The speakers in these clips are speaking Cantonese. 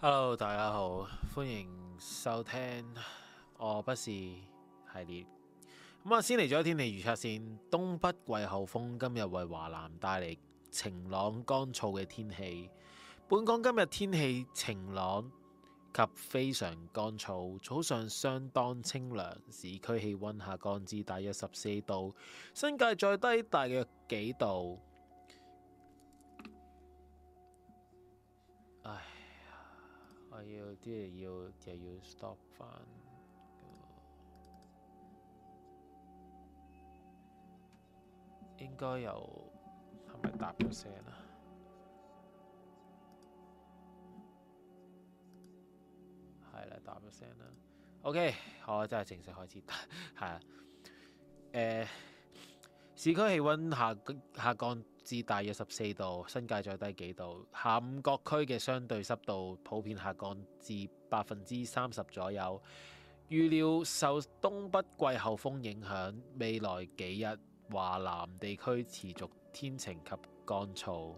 hello，大家好，歡迎收聽我、哦、不是系列。咁啊，先嚟咗天氣預測先，東北季候風今日為華南帶嚟晴朗乾燥嘅天氣。本港今日天，天氣晴朗及非常乾燥，早上相當清涼，市區氣溫下降至大約十四度，新界再低大約幾度。我要啲要，就要 stop 翻。應該有係咪答咗聲啊？係啦，答咗聲啦。OK，我真係正式開始答，係 啊，誒、呃。市區氣温下下降至大約十四度，新界最低幾度。下午各區嘅相對濕度普遍下降至百分之三十左右。預料受東北季候風影響，未來幾日華南地區持續天晴及乾燥。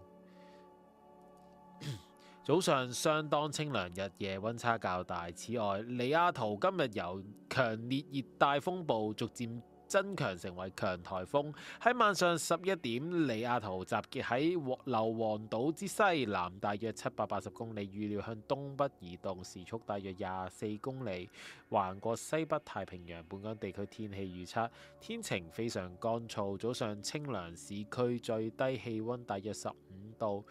早上相當清涼，日夜温差較大。此外，妮亞圖今日由強烈熱帶風暴逐漸增強成為強颱風，喺晚上十一點，妮亞圖集結喺硫黃島之西南大約七百八十公里，預料向東北移動，時速大約廿四公里，橫過西北太平洋。本港地區天氣預測天晴非常乾燥，早上清涼，市區最低氣温大約十五度。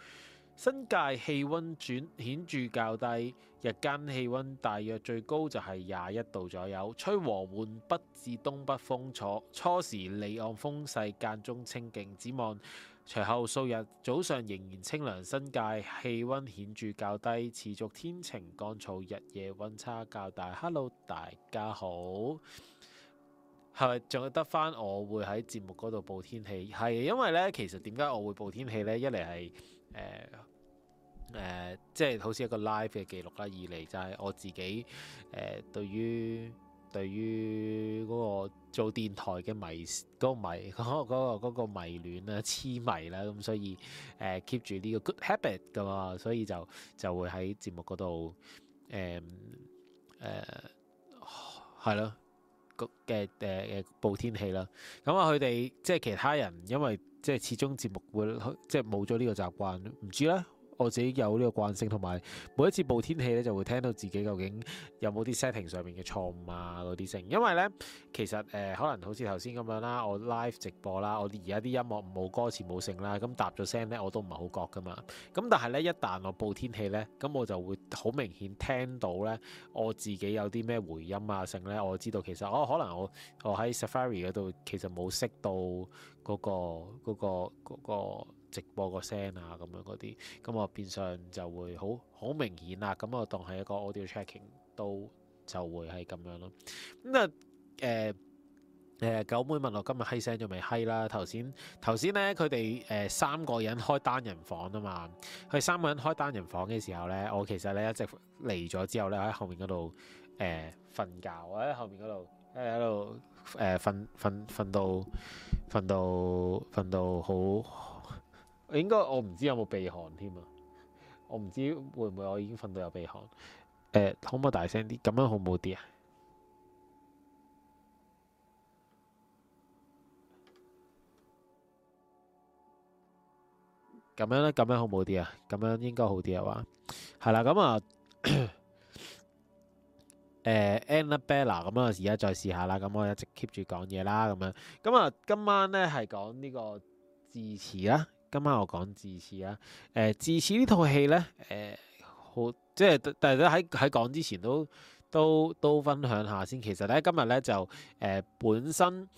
新界氣溫轉顯著較低，日間氣溫大約最高就係廿一度左右，吹和緩北至東北風。初初時離岸風勢間中清勁，指望隨後數日早上仍然清涼。新界氣溫顯著較低，持續天晴乾燥，日夜溫差較大。Hello，大家好，係咪仲有得翻？我會喺節目嗰度報天氣，係因為呢，其實點解我會報天氣呢？一嚟係誒，即係、uh, 好似一個 live 嘅記錄啦。二嚟就係我自己誒、uh,，對於對於嗰個做電台嘅迷，嗰、嗰個迷， 嗰個、嗰個嗰個迷戀啦、痴迷啦，咁所以誒、uh, keep 住呢個 good habit 噶嘛，所以就就會喺節目嗰度誒誒係咯嘅誒誒報天氣啦。咁啊，佢哋即係其他人，因為即係、就是、始終節目會即係冇咗呢個習慣，唔知咧。我自己有呢個慣性，同埋每一次報天氣咧，就會聽到自己究竟有冇啲 setting 上面嘅錯誤啊嗰啲聲。因為咧，其實誒、呃，可能好似頭先咁樣啦，我 live 直播啦，我而家啲音樂冇歌詞冇聲啦，咁搭咗聲咧，我都唔係好覺噶嘛。咁但係咧，一旦我報天氣咧，咁我就會好明顯聽到咧，我自己有啲咩回音啊聲咧，我知道其實哦，可能我我喺 Safari 嗰度其實冇 set 到嗰個嗰個嗰個。那個那個那個直播個聲啊，咁樣嗰啲，咁我變相就會好好明顯啦、啊。咁我當係一個 audio tracking 都就會係咁樣咯、啊。咁啊誒誒，九妹問我今日閪聲咗未閪啦？頭先頭先咧，佢哋誒三個人開單人房啊嘛。佢三個人開單人房嘅時候咧，我其實咧一直嚟咗之後咧，喺後面嗰度誒瞓覺，我喺後面嗰度喺度誒瞓瞓瞓到瞓到瞓到好～應該我唔知有冇鼻鼾添啊！我唔知會唔會我已經瞓到有鼻鼾。誒、呃，可唔可以大聲啲？咁樣好唔好啲啊？咁樣咧，咁樣好唔好啲啊？咁樣應該好啲啊！話係啦，咁、呃、啊，誒，Annabella，咁啊，而家再試下啦。咁我一直 keep 住講嘢啦，咁樣咁啊，今晚咧係講呢個智齒啦。今晚我講《智齒》啊，誒《智齒》呢套戲呢，誒、呃、好即係，大家喺喺講之前都都都分享下先。其實呢，今日呢就誒、呃、本身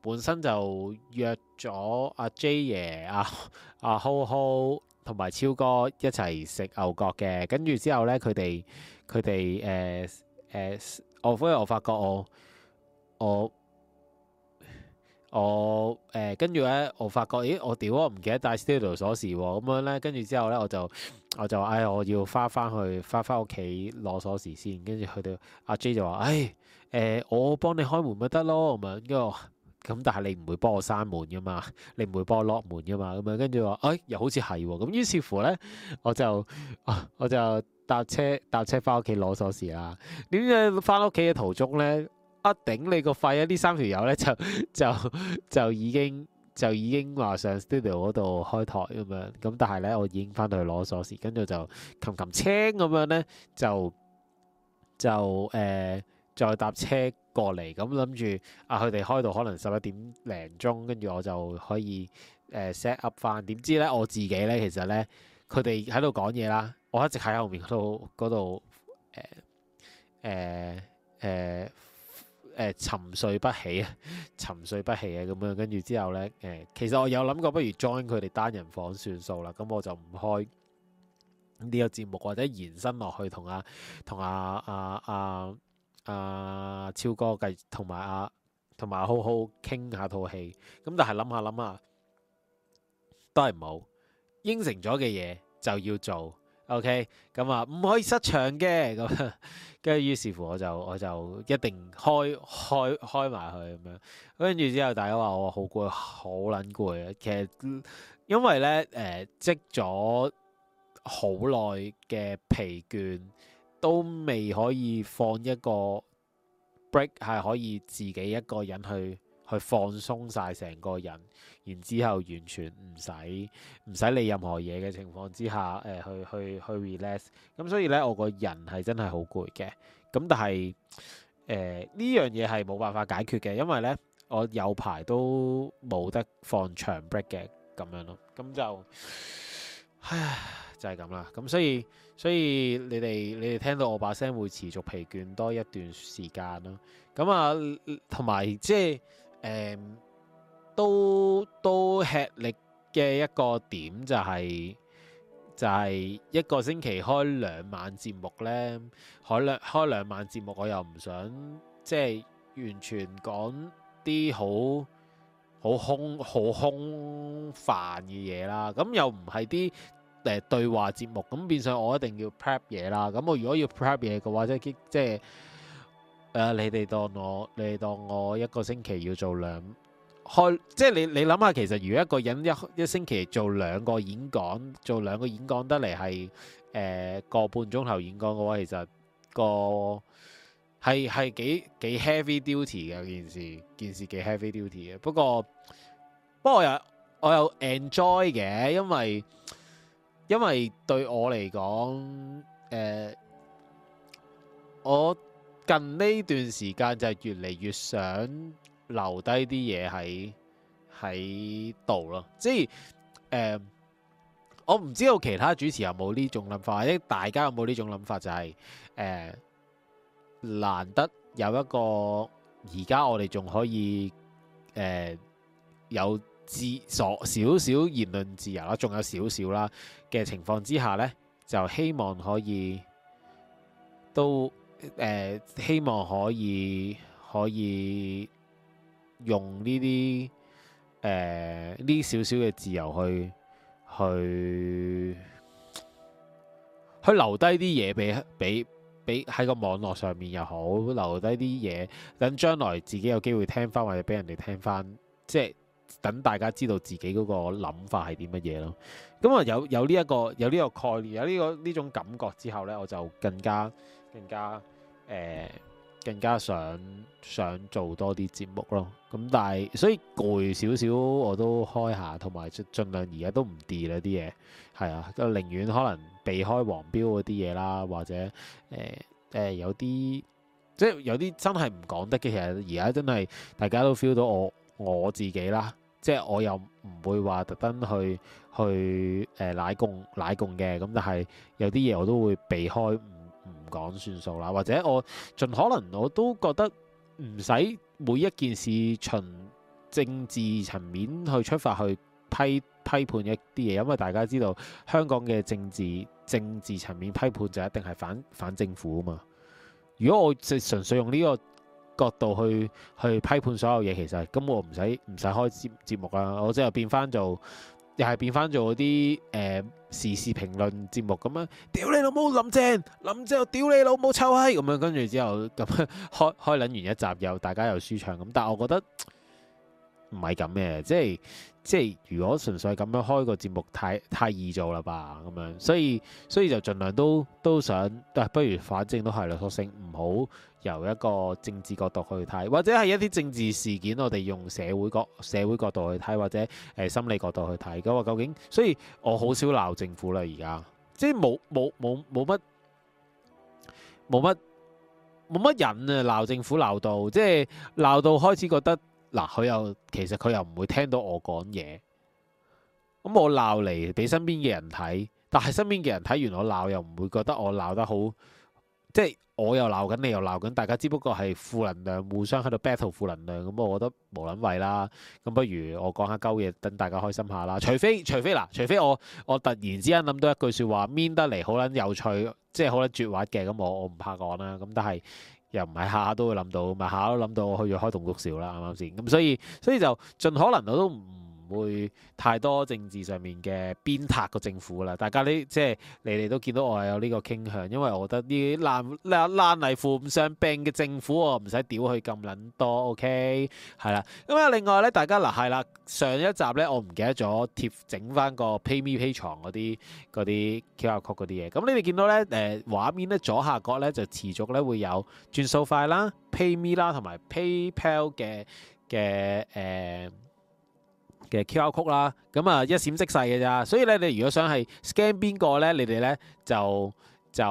本身就約咗阿、啊、J 爺、阿阿浩浩同埋超哥一齊食牛角嘅，跟住之後呢，佢哋佢哋誒誒，我忽然我發覺我我。我誒跟住咧，我發覺，咦！我屌，我唔記得帶 studio 鎖匙喎、哦。咁樣咧，跟住之後咧，我就我就誒、哎，我要翻翻去翻翻屋企攞鎖匙先。跟住去到阿 J 就話：誒、哎、誒、呃，我幫你開門咪得咯。咁樣跟住話，咁但係你唔會幫我閂門噶嘛？你唔會幫我落門噶嘛？咁樣跟住話，誒、哎、又好似係喎。咁於是乎咧，我就我，我就搭車搭車翻屋企攞鎖匙啦。點解翻屋企嘅途中咧？不頂你個肺啊！三呢三條友咧就就就已經就已經話上 studio 嗰度開台咁樣咁，但係咧我已經翻到去攞鎖匙，跟住就擒擒青咁樣咧就就誒、呃、再搭車過嚟咁，諗住啊，佢哋開到可能十一點零鐘，跟住我就可以誒 set up 翻。點、呃、知咧我自己咧，其實咧佢哋喺度講嘢啦，我一直喺後面嗰度度誒誒誒。呃、沉睡不起啊，沉睡不起啊，咁樣跟住之後呢，誒、呃、其實我有諗過，不如 join 佢哋單人房算數啦。咁我就唔開呢個節目，或者延伸落去同阿同阿阿阿阿超哥，同埋阿同埋好好傾下套戲。咁但係諗下諗下，都係冇應承咗嘅嘢就要做。OK，咁啊唔可以失場嘅，咁跟住於是乎我就我就一定開開開埋佢咁樣，跟住之後大家話我好攰，好撚攰啊！其實，嗯，因為咧誒積咗好耐嘅疲倦，都未可以放一個 break，係可以自己一個人去。去放鬆晒成個人，然之後完全唔使唔使理任何嘢嘅情況之下，誒、呃、去去去 relax。咁所以呢，我個人係真係好攰嘅。咁但係誒呢樣嘢係冇辦法解決嘅，因為呢，我有排都冇得放長 break 嘅咁樣咯。咁就唉，就係咁啦。咁所以所以你哋你哋聽到我把聲會持續疲倦多一段時間咯。咁啊，同埋即係。誒、嗯，都都吃力嘅一個點就係就係一個星期開兩晚節目呢。開兩開兩晚節目我又唔想即係完全講啲好好空好空泛嘅嘢啦，咁又唔係啲誒對話節目，咁變相我一定要 prep 嘢啦，咁我如果要 prep 嘢嘅話，即係即係。誒、呃，你哋當我，你哋當我一個星期要做兩開，即係你你諗下，其實如果一個人一一星期做兩個演講，做兩個演講得嚟係誒個半鐘頭演講嘅話，其實個係係幾幾 heavy duty 嘅件事，件事幾 heavy duty 嘅。不過不過我有我有 enjoy 嘅，因為因為對我嚟講，誒、呃、我。近呢段時間就係越嚟越想留低啲嘢喺喺度咯，即係、呃、我唔知道其他主持有冇呢種諗法，即係大家有冇呢種諗法，就係，就係誒，難得有一個而家我哋仲可以、呃、有自所少少言論自由啦，仲有少少啦嘅情況之下呢就希望可以都。呃、希望可以可以用呢啲誒呢少少嘅自由去去去留低啲嘢俾俾俾，喺個網絡上面又好，留低啲嘢，等將來自己有機會聽翻或者俾人哋聽翻，即係等大家知道自己嗰個諗法係啲乜嘢咯。咁啊，有有呢一個有呢個概念有呢個呢種感覺之後呢，我就更加。更加誒、呃、更加想想做多啲節目咯。咁、嗯、但係所以攰少少，我都開下，同埋盡量而家都唔 delete 啲嘢，係啊，寧願可能避開黃標嗰啲嘢啦，或者誒誒、呃呃、有啲即係有啲真係唔講得嘅。其實而家真係大家都 feel 到我我自己啦，即係我又唔會話特登去去誒、呃、奶共奶共嘅。咁但係有啲嘢我都會避開。講算數啦，或者我盡可能我都覺得唔使每一件事循政治層面去出發去批批判一啲嘢，因為大家知道香港嘅政治政治層面批判就一定係反反政府啊嘛。如果我就純粹用呢個角度去去批判所有嘢，其實咁我唔使唔使開節節目啦，我即係變返做又係變返做啲誒。呃時事評論節目咁樣，屌你老母林鄭，林鄭又屌你老母臭閪咁樣，跟住之後咁開開撚完一集，又大家又舒暢咁，但係我覺得。唔係咁嘅，即係即係，如果純粹咁樣開個節目，太太易做啦吧咁樣，所以所以就盡量都都想，啊，不如反正都係啦，索性唔好由一個政治角度去睇，或者係一啲政治事件，我哋用社會角、社會角度去睇，或者誒、呃、心理角度去睇。咁啊，究竟所以我好少鬧政府啦，而家即係冇冇冇冇乜冇乜冇乜人啊，鬧政府鬧到即係鬧到開始覺得。嗱，佢又其實佢又唔會聽到我講嘢，咁我鬧嚟俾身邊嘅人睇，但係身邊嘅人睇完我鬧又唔會覺得我鬧得好，即係我又鬧緊，你又鬧緊，大家只不過係負能量互相喺度 battle 負能量，咁我覺得無撚謂啦，咁不如我講下鳩嘢，等大家開心下啦。除非除非嗱，除非我我突然之間諗到一句説話，mean 得嚟好撚有趣，即係好撚絕話嘅，咁我我唔怕講啦，咁但係。又唔係下下都會諗到，咪下下都諗到我去咗開棟篤笑啦啱啱先？咁所以所以就盡可能我都唔。會太多政治上面嘅鞭撻個政府啦，大家呢，即係你哋都見到我有呢個傾向，因為我覺得呢啲爛爛爛泥扶唔上病嘅政府，我唔使屌佢咁撚多，OK 係啦。咁啊，另外咧，大家嗱係啦，上一集咧我唔記得咗貼整翻個 PayMePay 床嗰啲嗰啲 QR code 嗰啲嘢，咁你哋見到咧，誒、呃、畫面咧，左下角咧就持續咧會有轉數快啦、PayMe 啦同埋 PayPal 嘅嘅誒。嘅 QR Code 啦，咁啊一閃即逝嘅咋，所以咧你如果想係 scan 邊個咧，你哋咧就就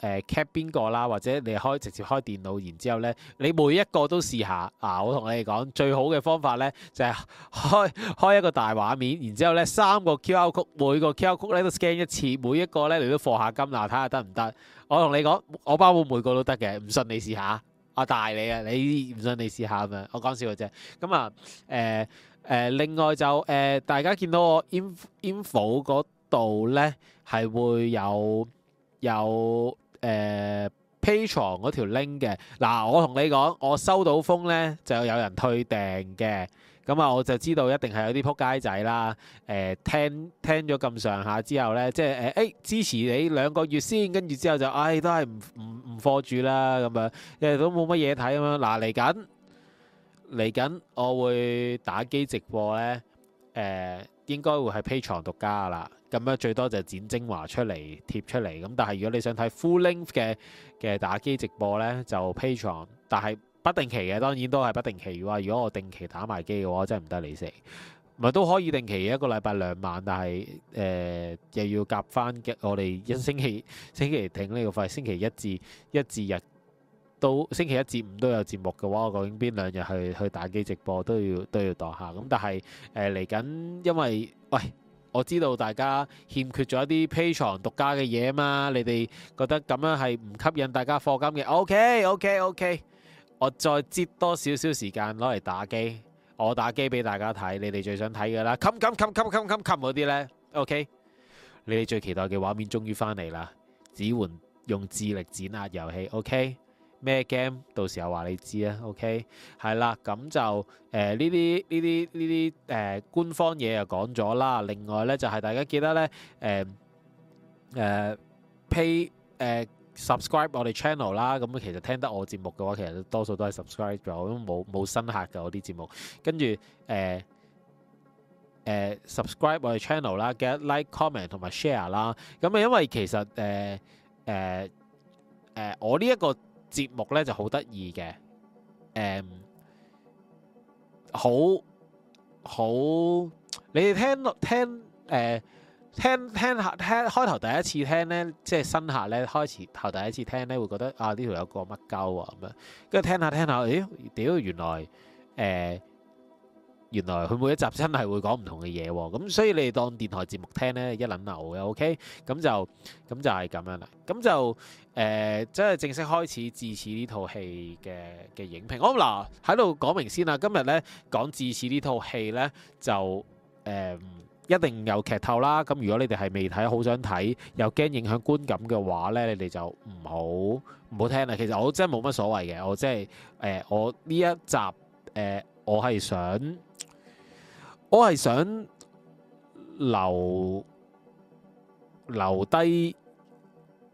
誒 cap 邊個啦，或者你開直接開電腦，然之後咧你每一個都試下。啊，我同你講最好嘅方法咧就係、是、開開一個大畫面，然之後咧三個 QR Code，每個 QR Code 咧都 scan 一次，每一個咧你都課下金，嗱睇下得唔得？我同你講，我包每每個都得嘅，唔信你試下。我大你，你，你我啊，你唔信你試下咁樣，我講笑嘅啫。咁啊，誒。誒、呃、另外就誒、呃，大家見到我 info, info 嗰度咧，係會有有誒、呃、Patreon 嗰條 link 嘅。嗱，我同你講，我收到風咧就有人退訂嘅，咁啊我就知道一定係有啲仆街仔啦。誒、呃、聽聽咗咁上下之後咧，即係誒誒支持你兩個月先，跟住之後就唉、哎，都係唔唔唔課住啦，咁啊，因為都冇乜嘢睇咁樣。嗱嚟緊。嚟緊我會打機直播呢，誒、呃、應該會係 Patreon 獨家噶啦，咁樣最多就剪精華出嚟貼出嚟。咁但係如果你想睇 full length 嘅嘅打機直播呢，就 Patreon 但係不定期嘅，當然都係不定期。嘅話如果我定期打埋機嘅話，真係唔得你食。唔係都可以定期一個禮拜兩晚，但係誒、呃、又要夾翻我哋一星期、嗯、星期停呢個費星期一至一至日。到星期一至五都有節目嘅話，我究竟邊兩日去去打機直播都要都要當下咁。但係誒嚟緊，呃、因為喂，我知道大家欠缺咗一啲 Patreon 獨家嘅嘢啊嘛。你哋覺得咁樣係唔吸引大家課金嘅？OK OK OK，我再節多少少時間攞嚟打機，我打機俾大家睇。你哋最想睇嘅啦，冚冚冚冚冚冚嗰啲呢？OK，你哋最期待嘅畫面終於翻嚟啦！指環用智力剪壓遊戲。OK。咩 game？到時候話你知啊，OK，係啦，咁就誒呢啲呢啲呢啲誒官方嘢又講咗啦。另外咧就係大家記得咧誒誒 pay 誒 subscribe 我哋 channel 啦。咁其實聽得我節目嘅話，其實多數都係 subscribe 咗，我都冇冇新客嘅我啲節目。跟住誒誒 subscribe 我哋 channel 啦，記得 like comment 同埋 share 啦。咁啊，因為其實誒誒誒我呢一個。節目咧就、um, 好得意嘅，誒，好好，你哋聽聽誒、呃、聽聽下聽，聽開頭第一次聽咧，即係新客咧開始頭第一次聽咧，會覺得啊呢條有個乜鳩啊咁樣，跟住聽下聽下，誒、欸、屌原來誒。呃原來佢每一集真係會講唔同嘅嘢喎，咁所以你哋當電台節目聽呢，一撚流嘅 OK，咁就咁就係咁樣啦。咁就誒，即、呃、係、就是、正式開始至此《智齒》呢套戲嘅嘅影評。好嗱喺度講明先啦，今日呢，講《智齒》呢套戲呢，就誒、呃，一定有劇透啦。咁如果你哋係未睇，好想睇又驚影響觀感嘅話呢，你哋就唔好唔好聽啦。其實我真係冇乜所謂嘅，我即係誒，我呢一集誒、呃，我係想。我係想留留低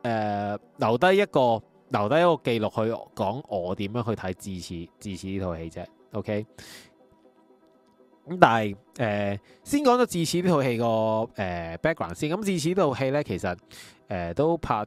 誒，留低、呃、一個留低一個記錄去講我點樣去睇《智齒》《智齒》呢套戲啫。OK，咁但係誒、呃，先講到《智、呃、齒》呢套戲個誒 background 先。咁《智齒》呢套戲咧，其實誒、呃、都拍。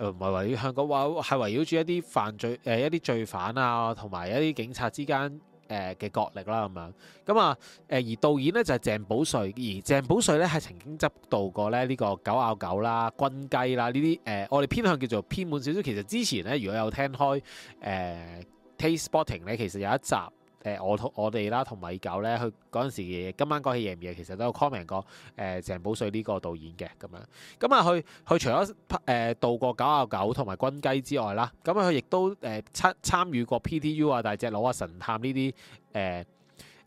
誒唔係圍繞香港話，係圍繞住一啲犯罪誒、呃、一啲罪犯啊，同埋一啲警察之間誒嘅角力啦咁樣。咁啊誒而導演咧就係、是、鄭保瑞，而鄭保瑞咧係曾經執導過咧呢個狗狗《狗咬狗》啦，《軍雞》啦呢啲誒，我哋偏向叫做偏門少少。其實之前咧，如果有聽開誒、呃、Taste Spotting 咧，ting, 其實有一集。誒我同我哋啦，同米九咧，佢嗰陣時，今晚講起夜唔夜，其實都有 comment 過誒鄭保瑞呢個導演嘅咁樣。咁啊，佢佢除咗誒導過《九啊九》同埋《軍雞》之外啦，咁佢亦都誒參參與過 PTU 啊大隻佬啊神探呢啲誒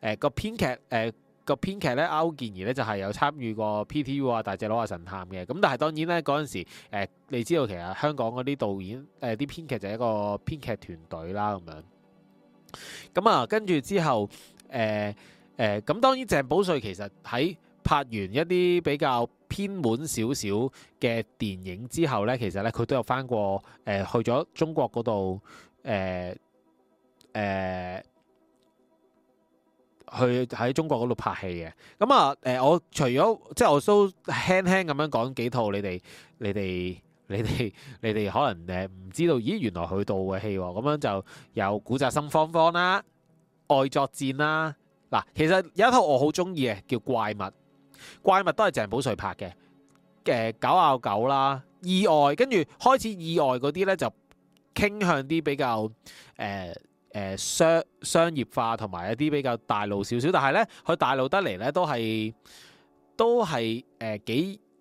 誒個編劇誒個、呃、編劇咧歐健兒咧就係有參與過 PTU 啊大隻佬啊神探嘅。咁但係當然咧，嗰陣時誒你知道其實香港嗰啲導演誒啲編劇就係一個編劇團隊啦咁樣。咁啊，跟住、嗯、之後，誒、呃、誒，咁、呃、當然鄭保瑞其實喺拍完一啲比較偏門少少嘅電影之後呢，其實呢，佢都有翻過，誒、呃、去咗中國嗰度，誒、呃、誒、呃、去喺中國嗰度拍戲嘅。咁、嗯、啊，誒、呃、我除咗即係我都輕輕咁樣講幾套，你哋你哋。你哋你哋可能誒唔知道，咦？原來佢導嘅戲喎、哦，咁樣就有《古宅心慌慌》啦，《愛作戰》啦。嗱，其實有一套我好中意嘅，叫《怪物》，怪物都係鄭保瑞拍嘅。嘅、呃《狗咬狗》啦，《意外》跟住開始，《意外》嗰啲呢就傾向啲比較誒誒、呃呃、商商業化，同埋一啲比較大路少少。但係呢，佢大路得嚟呢都係都係誒幾。呃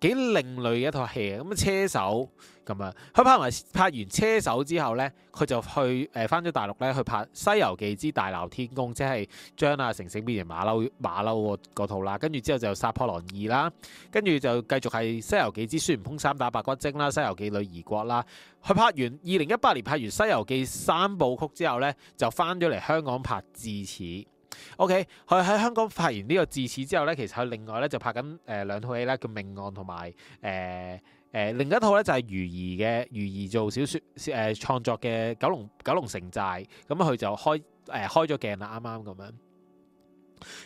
幾另類嘅一套戲嘅，咁啊車手咁啊，佢拍埋拍完車手之後呢，佢就去誒翻咗大陸呢，去拍《西遊記之大鬧天宮》，即係將阿成成變成馬騮馬騮嗰套啦，跟住之後就《殺破狼》二》啦，跟住就繼續係《西遊記之孫悟空三打白骨精》啦，《西遊記女兒國》啦，佢拍完二零一八年拍完《西遊記》三部曲之後呢，就翻咗嚟香港拍《智齒》。O K，佢喺香港拍完呢個智齒之後咧，其實佢另外咧就拍緊誒兩套戲啦，叫命案同埋誒誒，另一套咧就係、是、余兒嘅余兒做小說誒創、呃、作嘅九龍九龍城寨，咁、嗯、佢就開誒、呃、開咗鏡啦，啱啱咁樣。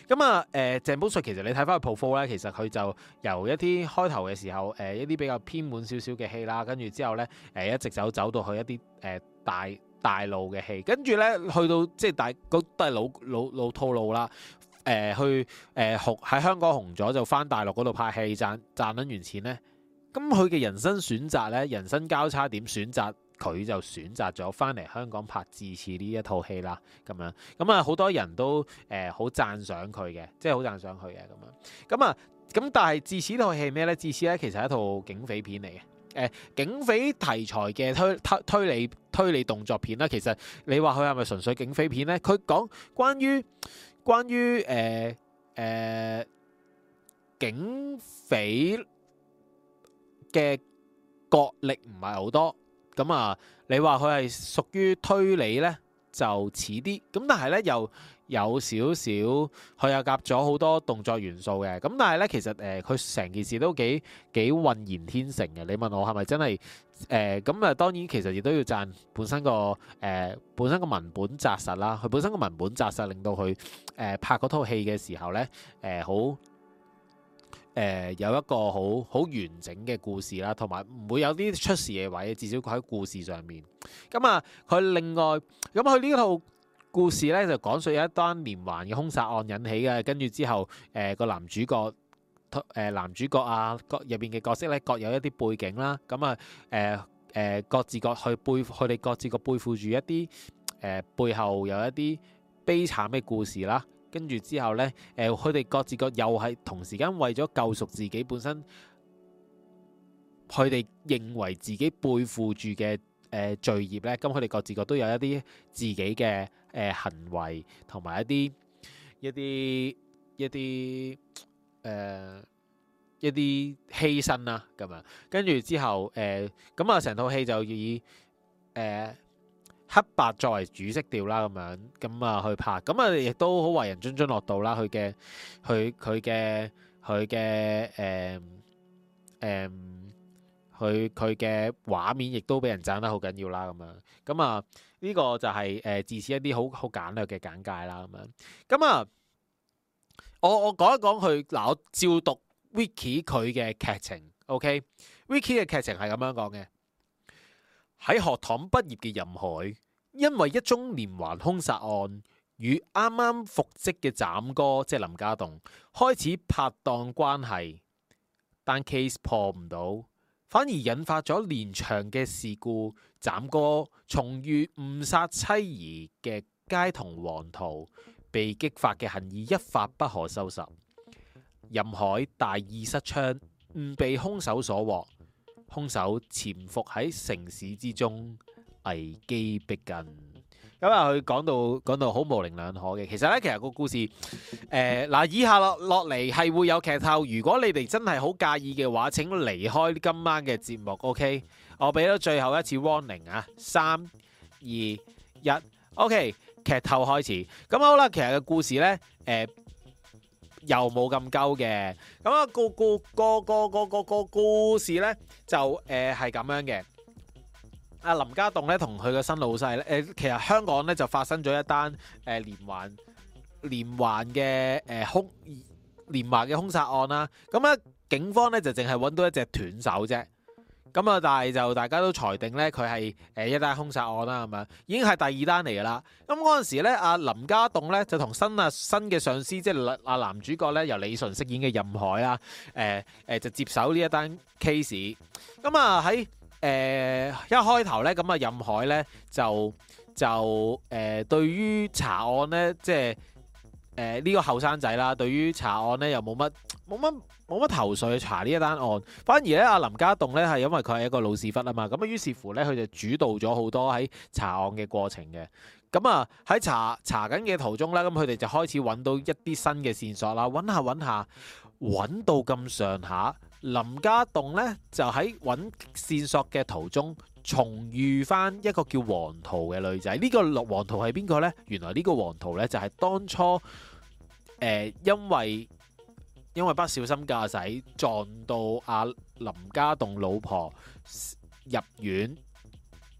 咁、嗯、啊，誒鄭保瑞其實你睇翻佢鋪貨咧，其實佢就由一啲開頭嘅時候，誒、呃、一啲比較偏門少少嘅戲啦，跟住之後咧，誒、呃、一直走走到去一啲誒、呃、大。大陸嘅戲，跟住呢，去到即係大都係老老老套路啦。誒、呃，去誒紅喺香港紅咗，就翻大陸嗰度拍戲賺賺揾完錢呢。咁佢嘅人生選擇呢，人生交叉點選擇，佢就選擇咗翻嚟香港拍《致始》呢一套戲啦。咁樣咁啊，好多人都誒好、呃、讚賞佢嘅，即係好讚賞佢嘅咁樣。咁啊，咁但係《致始》套戲咩呢？呢「致始》呢其實係一套警匪片嚟嘅、欸，警匪題材嘅推推理，推理動作片啦，其實你話佢係咪純粹警匪片呢？佢講關於關於誒誒、呃呃、警匪嘅角力唔係好多，咁啊，你話佢係屬於推理呢，就似啲，咁但係呢，又。有少少，佢又夾咗好多動作元素嘅，咁但係呢，其實誒，佢、呃、成件事都幾幾渾然天成嘅。你問我係咪真係誒？咁、呃、啊，當然其實亦都要讚本身個誒、呃、本身個文本扎實啦。佢本身個文本扎實，令到佢誒、呃、拍嗰套戲嘅時候呢，誒好誒有一個好好完整嘅故事啦，同埋唔會有啲出事嘅位，至少佢喺故事上面。咁、嗯、啊，佢、嗯、另外咁佢呢套。故事咧就講述有一單連環嘅兇殺案引起嘅，跟住之後，誒、呃、個男主角，誒男主角啊，各入邊嘅角色咧，各有一啲背景啦。咁啊，誒、呃、誒各自各去背，佢哋各自各背負住一啲誒、呃、背後有一啲悲慘嘅故事啦。跟住之後咧，誒佢哋各自各又係同時間為咗救贖自己本身，佢哋認為自己背負住嘅。誒罪孽咧，咁佢哋各自各都有一啲自己嘅誒、呃、行為，同埋一啲一啲、呃、一啲誒一啲犧牲啦咁樣，跟住之後誒咁啊，成套戲就以誒、呃、黑白作為主色調啦，咁樣咁啊去拍，咁啊亦都好為人津津樂道啦。佢嘅佢佢嘅佢嘅誒誒。佢佢嘅畫面亦都俾人讚得好緊要啦，咁樣咁啊呢、這個就係、是、誒，只、呃、是一啲好好簡略嘅簡介啦，咁樣咁啊。我我講一講佢嗱，我照讀 Wiki 佢嘅劇情。OK，Wiki 嘅劇情係咁樣講嘅：喺學堂畢業嘅任海，因為一宗連環兇殺案，與啱啱復職嘅斬哥即係、就是、林家棟開始拍檔關係，但 case 破唔到。反而引發咗連場嘅事故，斬哥重遇誤殺妻兒嘅街童王桃，被激發嘅恨意一發不可收拾。任海大意失槍，唔被凶手所獲，凶手潛伏喺城市之中，危機逼近。咁又去講到講到好模棱兩可嘅，其實咧，其實個故事，誒，嗱，以下落落嚟係會有劇透，如果你哋真係好介意嘅話，請離開今晚嘅節目，OK？我俾咗最後一次 warning 啊，三、二、一，OK？劇透開始，咁好啦，其實個故事咧，誒，又冇咁鳩嘅，咁啊個個個個個個個故事咧就誒係咁樣嘅。阿林家棟咧同佢嘅新老細咧，誒，其實香港咧就發生咗一單誒連環連環嘅誒凶連環嘅凶殺案啦。咁啊，警方咧就淨係揾到一隻斷手啫。咁啊，但係就大家都裁定咧，佢係誒一單凶殺案啦，係咪？已經係第二單嚟噶啦。咁嗰陣時咧，阿林家棟咧就同新啊新嘅上司，即係阿男主角咧，由李淳飾演嘅任海啊，誒、呃、誒就接手呢一單 case。咁啊喺。誒、呃，一開頭呢，咁啊任海呢，就就誒、呃，對於查案呢，即係誒呢個後生仔啦，對於查案呢，又冇乜冇乜冇乜頭緒去查呢一單案，反而呢，阿林家棟呢，係因為佢係一個老屎忽啊嘛，咁啊於是乎呢，佢就主導咗好多喺查案嘅過程嘅，咁啊喺查查緊嘅途中呢，咁佢哋就開始揾到一啲新嘅線索啦，揾下揾下揾到咁上下。林家棟咧就喺揾線索嘅途中重遇翻一個叫黃桃嘅女仔，呢、這個綠黃桃係邊個呢？原來呢個黃桃呢，就係當初誒、呃、因為因為不小心駕駛撞到阿、啊、林家棟老婆入院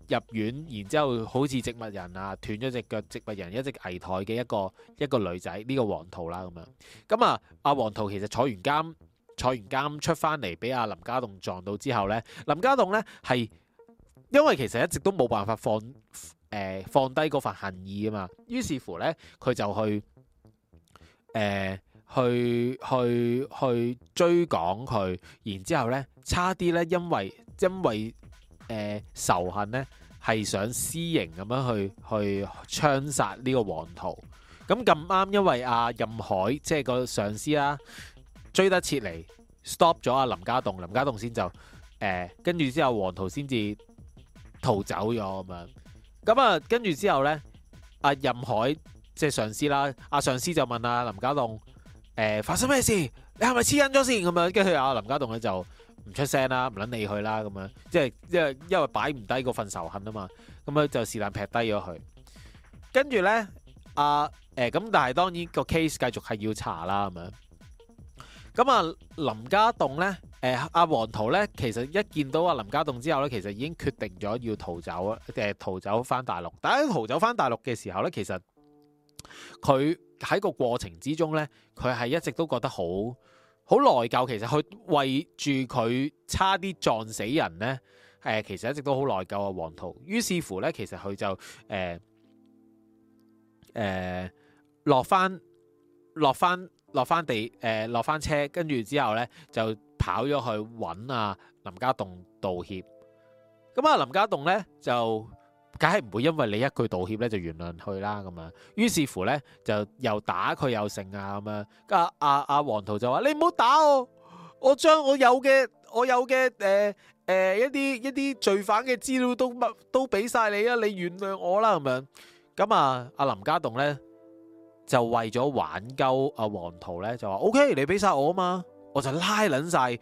入院，然之後好似植物人啊，斷咗隻腳，植物人，一隻危殆嘅一個一個女仔，呢、這個黃桃啦咁樣。咁、嗯、啊阿黃桃其實坐完監。坐完監出翻嚟，俾阿林家棟撞到之後呢，林家棟呢係因為其實一直都冇辦法放誒、呃、放低嗰份恨意啊嘛，於是乎呢，佢就去誒、呃、去去去追趕佢，然之後呢，差啲呢，因為因為、呃、仇恨呢，係想私刑咁樣去去槍殺呢個王桃，咁咁啱因為阿、啊、任海即係、就是、個上司啦、啊。追得切嚟 stop 咗阿林家棟，林家棟先就誒，跟住之後王桃先至逃走咗咁樣。咁啊，跟住之後咧，阿任海即係上司啦，阿上司就問阿林家棟：誒，發生咩事？你係咪黐緊咗線先咁樣？跟住阿林家棟咧就唔出聲啦，唔捻理佢啦咁樣，即係因為因為擺唔低嗰份仇恨啊嘛。咁樣就是但撇低咗佢。跟住咧，阿誒咁，但係當然個 case 繼續係要查啦咁樣。咁啊，林家棟呢？誒，阿王桃呢？其實一見到阿林家棟之後呢，其實已經決定咗要逃走，誒，逃走翻大陸。但喺逃走翻大陸嘅時候呢，其實佢喺個過程之中呢，佢係一直都覺得好好內疚。其實佢為住佢差啲撞死人呢，誒，其實一直都好內疚啊，王桃。於是乎呢，其實佢就，誒、呃，誒、呃，落翻，落翻。落翻地，誒、呃、落翻車，跟住之後呢，就跑咗去揾啊林家棟道歉。咁、嗯、啊，林家棟呢，就梗係唔會因為你一句道歉呢，就原諒佢啦咁樣。於是乎呢，就又打佢又成、嗯、啊咁樣。阿阿阿王桃就話：你唔好打我，我將我有嘅我有嘅誒誒一啲一啲罪犯嘅資料都乜都俾曬你啊！你原諒我啦咁樣。咁、嗯嗯嗯嗯、啊，阿林家棟呢。就為咗挽救阿王桃咧，就話：OK，你俾晒我啊嘛，我就拉撚晒，誒、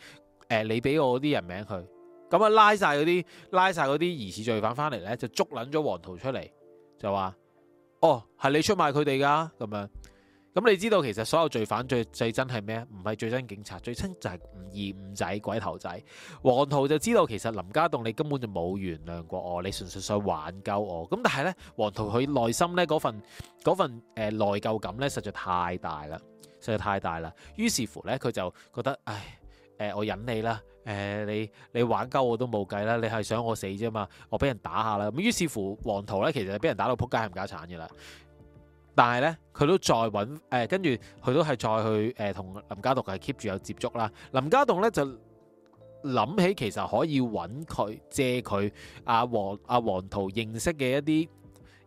呃，你俾我啲人名佢。就咁啊拉晒嗰啲，拉晒啲疑似罪犯翻嚟咧，就捉撚咗王桃出嚟，就話：哦，係你出賣佢哋噶咁樣。咁、嗯、你知道其實所有罪犯最最憎係咩？唔係最憎警察，最憎就係二五仔、鬼頭仔。黃桃就知道其實林家棟你根本就冇原諒過我，你純粹想玩鳩我。咁但係呢，黃桃佢內心呢嗰份嗰份誒、呃、內疚感呢，實在太大啦，實在太大啦。於是乎呢，佢就覺得唉，誒、呃，我忍你啦，誒你你玩鳩我都冇計啦，你係想我死啫嘛，我俾人打下啦。咁於是乎，黃桃呢，其實俾人打到仆街係冚家鏟噶啦。但係咧，佢都再揾誒、呃呃，跟住佢都係再去誒，同林家棟係 keep 住有接觸啦。林家棟咧就諗起其實可以揾佢借佢阿黃阿黃圖認識嘅一啲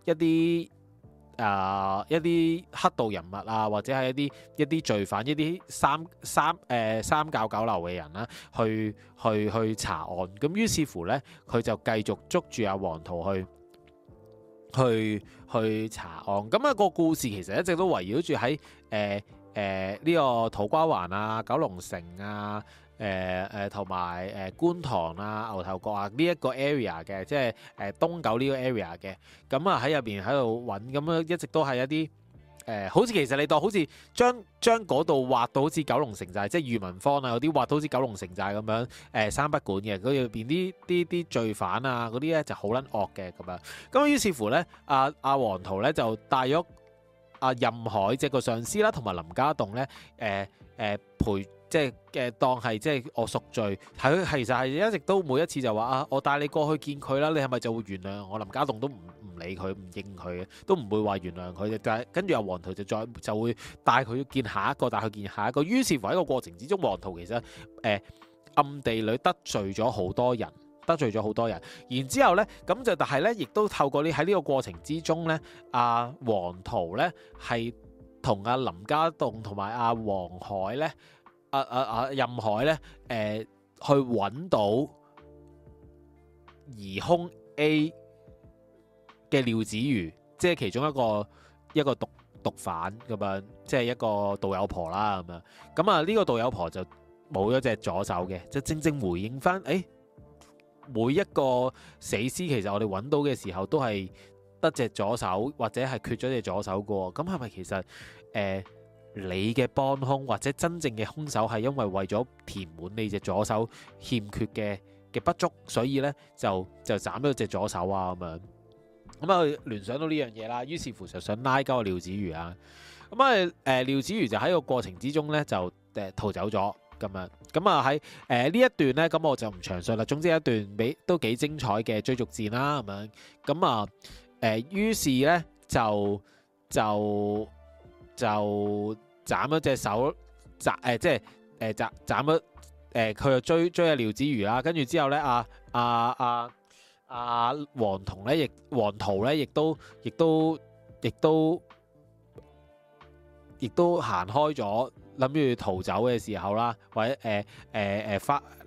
一啲啊、呃、一啲黑道人物啊，或者係一啲一啲罪犯一啲三三誒、呃、三教九流嘅人啦、啊，去去去，去查案。咁於是乎咧，佢就繼續捉住阿黃圖去。去去查案，咁、那、啊個故事其實一直都圍繞住喺誒誒呢個土瓜灣啊、九龍城啊、誒誒同埋誒觀塘啊、牛頭角啊呢一、這個 area 嘅，即係誒、呃、東九呢個 area 嘅，咁啊喺入邊喺度揾，咁啊一直都係一啲。誒、呃，好似其實你當好似將將嗰度挖到好似九龍城寨，即係裕民坊啊，有啲挖到好似九龍城寨咁樣，誒、呃，三不管嘅，佢入邊啲啲啲罪犯啊，嗰啲咧就好撚惡嘅咁樣。咁於是乎咧，阿阿黃濤咧就帶咗阿任海即係個上司啦，同埋林家棟咧，誒、呃、誒、呃、陪。即係嘅，當係即係我贖罪，係係其實係一直都每一次就話啊，我帶你過去見佢啦，你係咪就會原諒我？林家棟都唔唔理佢，唔應佢都唔會話原諒佢嘅。但係跟住阿王桃就再就會帶佢見下一個，帶佢見下一個。於是乎喺個、呃、個過程之中，王桃其實誒暗地裏得罪咗好多人，得罪咗好多人。然之後呢，咁就但係呢，亦都透過呢喺呢個過程之中呢，阿王桃呢係同阿林家棟同埋阿王海呢。啊啊啊！任海咧，誒、呃、去揾到疑凶 A 嘅廖子如，即係其中一個一個毒毒犯咁樣，即係一個道友婆啦咁樣。咁啊、呢、這個道友婆就冇咗隻左手嘅，即係正正回應返，誒、哎、每一個死屍其實我哋揾到嘅時候都係得隻左手，或者係缺咗隻左手個。咁係咪其實誒？呃你嘅幫凶或者真正嘅兇手係因為為咗填滿你隻左手欠缺嘅嘅不足，所以呢就就斬咗隻左手啊，咁樣。咁我聯想到呢樣嘢啦，於是乎就想拉交廖子瑜啊。咁啊，誒，廖子瑜就喺個過程之中呢，就誒逃走咗咁樣。咁啊，喺誒呢一段呢，咁我就唔詳述啦。總之一段比都幾精彩嘅追逐戰啦咁樣。咁啊誒、啊、於是呢，就就就。就斬咗隻手，呃呃、斬誒即係誒斬斬咗誒，佢、呃、就追追阿廖子瑜啦，跟住之後咧，阿阿阿阿黃銅咧，亦黃桃咧，亦、啊、都亦都亦都亦都行開咗，諗住逃走嘅時候啦，或者誒誒誒發。誒，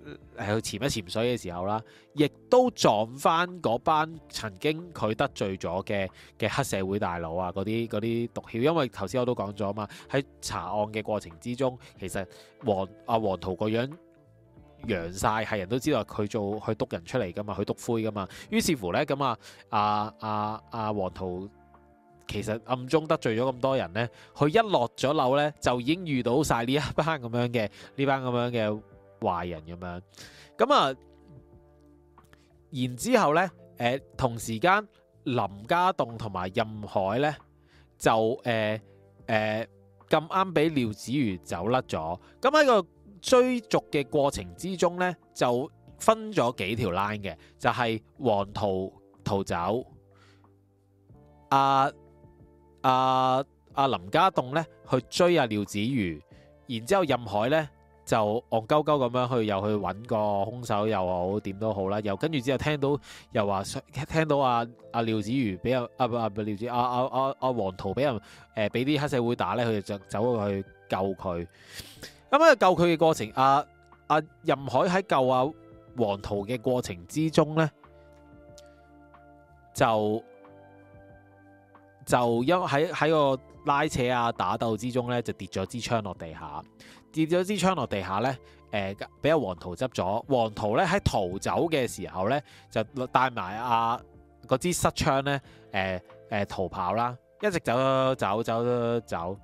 去潛一潛水嘅時候啦，亦都撞返嗰班曾經佢得罪咗嘅嘅黑社會大佬啊，嗰啲嗰啲毒梟。因為頭先我都講咗啊嘛，喺查案嘅過程之中，其實黃阿王桃個樣揚晒，係人都知道佢做去篤人出嚟㗎嘛，去篤灰㗎嘛。於是乎呢，咁啊，阿阿阿王桃其實暗中得罪咗咁多人呢，佢一落咗樓呢，就已經遇到晒呢一班咁樣嘅呢班咁樣嘅。壞人咁樣，咁啊，然之後咧，誒，同時間林家棟同埋任海咧就誒誒咁啱俾廖子瑜走甩咗，咁喺個追逐嘅過程之中咧，就分咗幾條 line 嘅，就係黃圖逃走，阿阿阿林家棟咧去追阿廖子瑜，然之後任海咧。就戇鳩鳩咁樣去，又去揾個兇手又好，點都好啦。又跟住之後聽到又話，聽到阿阿廖子瑜俾人阿阿廖子阿阿阿阿王途俾人誒俾啲黑社會打咧，佢就走咗去救佢。咁、嗯、喺救佢嘅過程，阿、啊、阿、啊、任海喺救阿、啊、王途嘅過程之中咧，就就因喺喺個拉扯啊打鬥之中咧，就跌咗支槍落地下。跌咗支槍落地下呢，誒、呃，俾阿王桃執咗。王桃呢，喺逃走嘅時候呢，就帶埋阿嗰支失槍呢，誒、呃、誒逃跑啦，一直走走走走走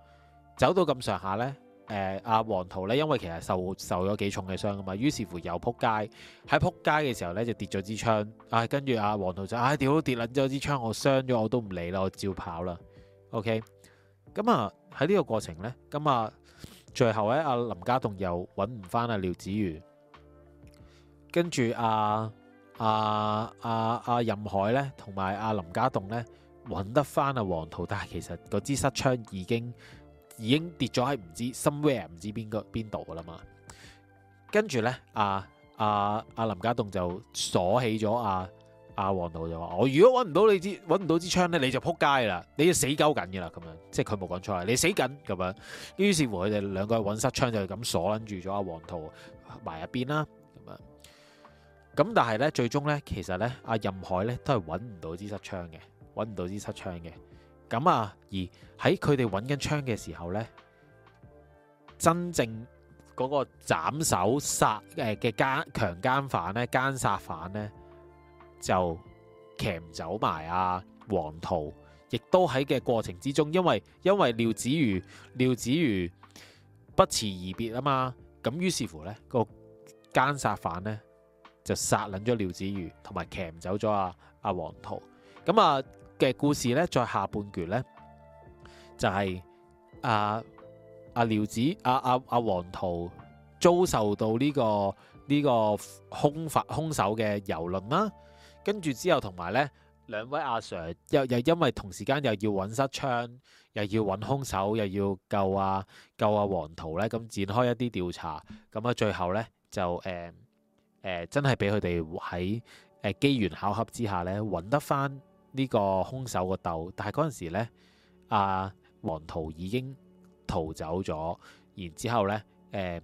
走到咁上下呢，誒、呃，阿王桃呢，因為其實，其實受受咗幾重嘅傷噶嘛，於是乎又扑街。喺扑街嘅時候呢，就跌咗支槍，哎、啊，跟住阿王桃就，唉、哎，屌，跌捻咗支槍，我傷咗我都唔理啦，我照跑啦。OK，咁啊喺呢個過程呢。咁、嗯、啊。嗯嗯最後咧，阿林家棟又揾唔翻啊廖子妤。跟住阿阿阿阿任海咧，同埋阿林家棟咧，揾得翻啊王桃，但係其實嗰支失槍已經已經跌咗喺唔知 somewhere 唔知邊個邊度噶啦嘛，跟住咧，阿阿阿林家棟就鎖起咗啊。阿王桃就話：我如果搵唔到你支搵唔到支槍咧，你就扑街啦，你就死鳩緊嘅啦。咁樣，即係佢冇講錯，你死緊咁樣。於是乎，佢哋兩個去搵失槍就係咁鎖捻住咗阿王桃埋一邊啦。咁樣，咁但係咧，最終咧，其實咧，阿任凱咧都係搵唔到支失槍嘅，搵唔到支失槍嘅。咁啊，而喺佢哋搵緊槍嘅時候咧，真正嗰個斬手殺誒嘅奸強奸犯咧，奸殺犯咧。就騎唔走埋阿黃桃亦都喺嘅過程之中，因為因為廖子瑜，廖子瑜不辭而別啊嘛，咁於是乎呢、呢個奸殺犯呢，就殺撚咗廖子瑜，同埋騎唔走咗啊！阿黃桃咁啊嘅、啊、故事呢，再下半段呢，就係、係、啊啊，啊廖子啊啊阿黃桃遭受到呢、呢個呢、呢個兇殺兇手嘅蹂躪啦。跟住之後同埋咧，兩位阿 sir 又又因為同時間又要揾失槍，又要揾兇手，又要救阿、啊、救阿黃圖咧，咁展開一啲調查。咁啊，最後咧就誒誒、呃呃，真係俾佢哋喺誒機緣巧合之下咧揾得翻呢個兇手個竇。但係嗰陣時咧，阿黃圖已經逃走咗。然之後咧誒。呃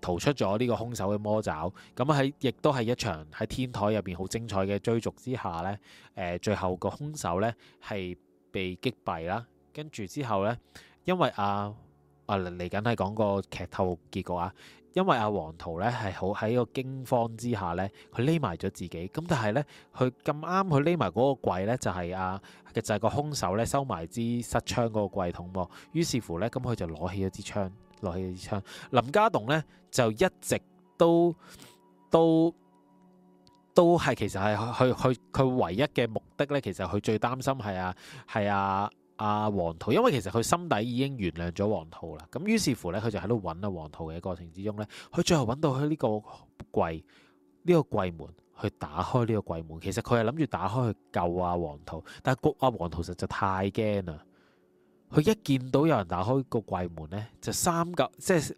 逃出咗呢個兇手嘅魔爪，咁喺亦都係一場喺天台入邊好精彩嘅追逐之下呢誒、呃、最後個兇手呢係被擊斃啦。跟住之後呢，因為阿啊嚟緊係講個劇透結果啊，因為阿黃桃呢係好喺個驚慌之下呢，佢匿埋咗自己。咁但係呢，佢咁啱佢匿埋嗰個櫃咧，就係阿嘅就係、是、個兇手呢收埋支失槍嗰個櫃桶喎。於是乎呢，咁、嗯、佢就攞起咗支槍。落去槍，林家棟咧就一直都都都係，其實係去去佢唯一嘅目的咧。其實佢最擔心係啊係啊阿王桃，因為其實佢心底已經原諒咗王桃啦。咁於是乎咧，佢就喺度揾阿王桃嘅過程之中咧，佢最後揾到佢呢個櫃呢個櫃門去打開呢個櫃門。其實佢係諗住打開去救阿王桃，但係阿王桃實在太驚啦。佢一見到有人打開個櫃門呢，就三嚿即係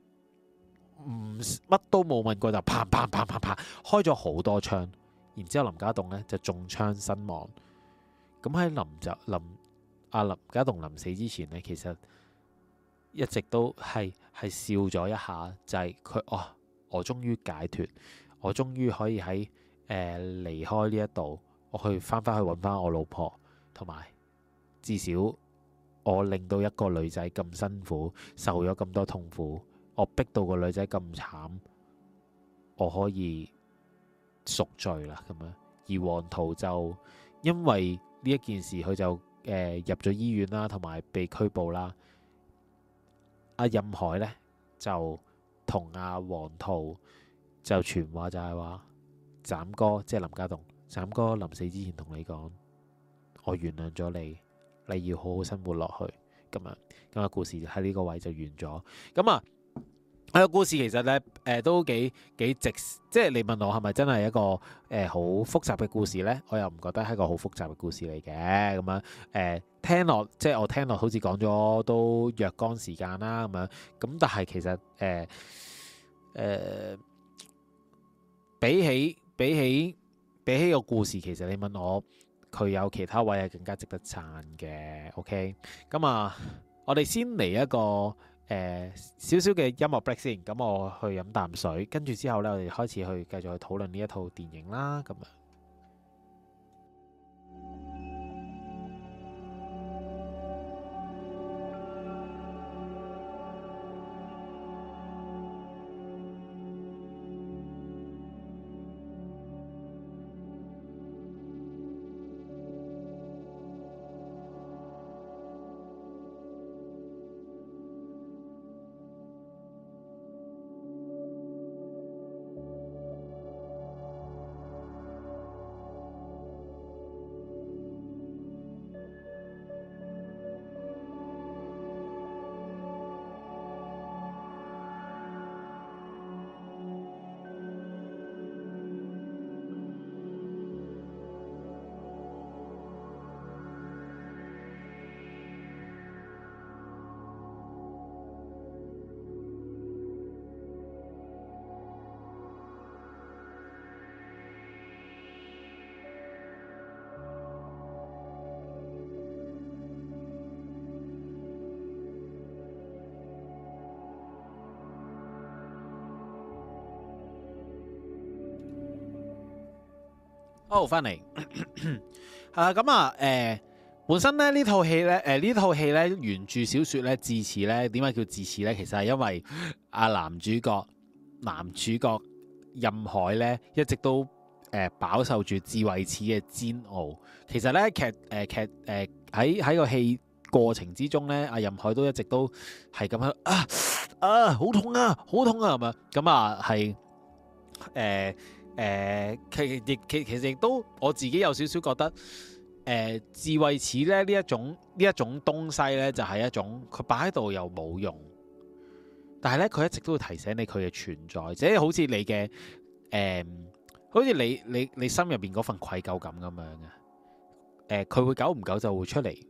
唔乜都冇問過就啪啪啪啪啪啪開咗好多槍，然之後林家棟呢，就中槍身亡。咁喺林就林阿林，林家棟臨死之前呢，其實一直都係係笑咗一下，就係、是、佢哦，我終於解脫，我終於可以喺誒、呃、離開呢一度，我去翻返去揾翻我老婆，同埋至少。我令到一個女仔咁辛苦，受咗咁多痛苦，我逼到個女仔咁慘，我可以贖罪啦咁樣。而王桃就因為呢一件事，佢就誒、呃、入咗醫院啦，同埋被拘捕啦。阿、啊、任海呢，就同阿王桃就傳話就，就係話斬哥即係林家棟，斬哥臨死之前同你講，我原諒咗你。你要好好生活落去咁樣，咁個故事喺呢個位就完咗。咁啊，個、呃、故事其實咧，誒、呃、都幾幾直，即係你問我係咪真係一個誒、呃、好複雜嘅故事呢？我又唔覺得係一個好複雜嘅故事嚟嘅。咁樣、啊，誒、呃、聽落，即係我聽落，好似講咗都若干時間啦。咁樣、啊，咁但係其實，誒、呃、誒、呃，比起比起比起個故事，其實你問我。佢有其他位係更加值得讚嘅，OK。咁啊，我哋先嚟一個誒少少嘅音樂 break 先，咁我去飲啖水，跟住之後咧，我哋開始去繼續去討論呢一套電影啦，咁樣。好，翻嚟，oh,，係咁 啊，誒、啊呃，本身咧呢套戲咧，誒、呃、呢套戲咧，原著小說咧，智齒咧，點解叫智齒咧？其實係因為阿、啊、男主角，男主角任海咧，一直都誒飽受住智慧齒嘅煎熬。其實咧劇，誒、呃、劇，誒喺喺個戲過程之中咧，阿任海都一直都係咁樣啊啊，啊，好痛啊，好痛啊，係咪？咁啊，係誒。呃呃誒、呃，其亦其其實亦都我自己有少少覺得，誒、呃，智慧齒咧呢一種呢一種東西咧就係、是、一種佢擺喺度又冇用，但係咧佢一直都會提醒你佢嘅存在，即係好似你嘅誒，好、呃、似你你你，你心入邊嗰份愧疚感咁樣嘅，誒、呃，佢會久唔久就會出嚟，誒、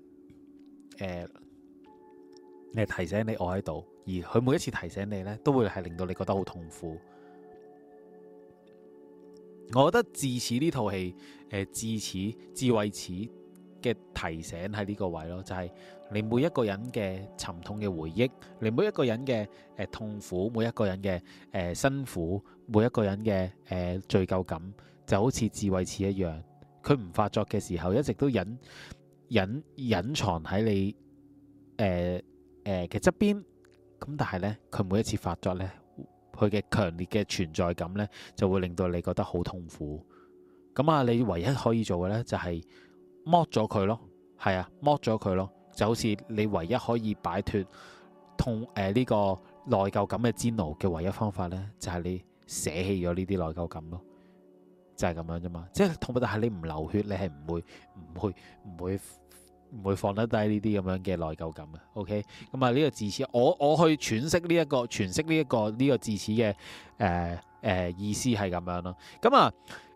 呃，嚟提醒你我喺度，而佢每一次提醒你咧都會係令到你覺得好痛苦。我覺得智齒呢套戲，誒智齒、智慧齒嘅提醒喺呢個位咯，就係、是、你每一個人嘅沉痛嘅回憶，你每一個人嘅誒、呃、痛苦，每一個人嘅誒、呃、辛苦，每一個人嘅誒罪疚感，就好似智慧齒一樣，佢唔發作嘅時候一直都隱隱隱藏喺你誒誒嘅側邊，咁、呃呃、但係呢，佢每一次發作呢。佢嘅強烈嘅存在感呢，就會令到你覺得好痛苦。咁啊，你唯一可以做嘅呢，就係剝咗佢咯。係啊，剝咗佢咯，就好似你唯一可以擺脫痛誒呢、呃呢個內疚感嘅煎熬嘅唯一方法呢，就係、是、你捨棄咗呢啲內疚感咯。就係、是、咁樣啫嘛。即係痛，但係你唔流血，你係唔會唔會唔會。唔會放得低呢啲咁樣嘅內疚感嘅，OK？咁啊呢個智齒，我我去詮釋呢一個詮釋呢一個呢個智齒嘅誒誒意思係咁樣咯。咁啊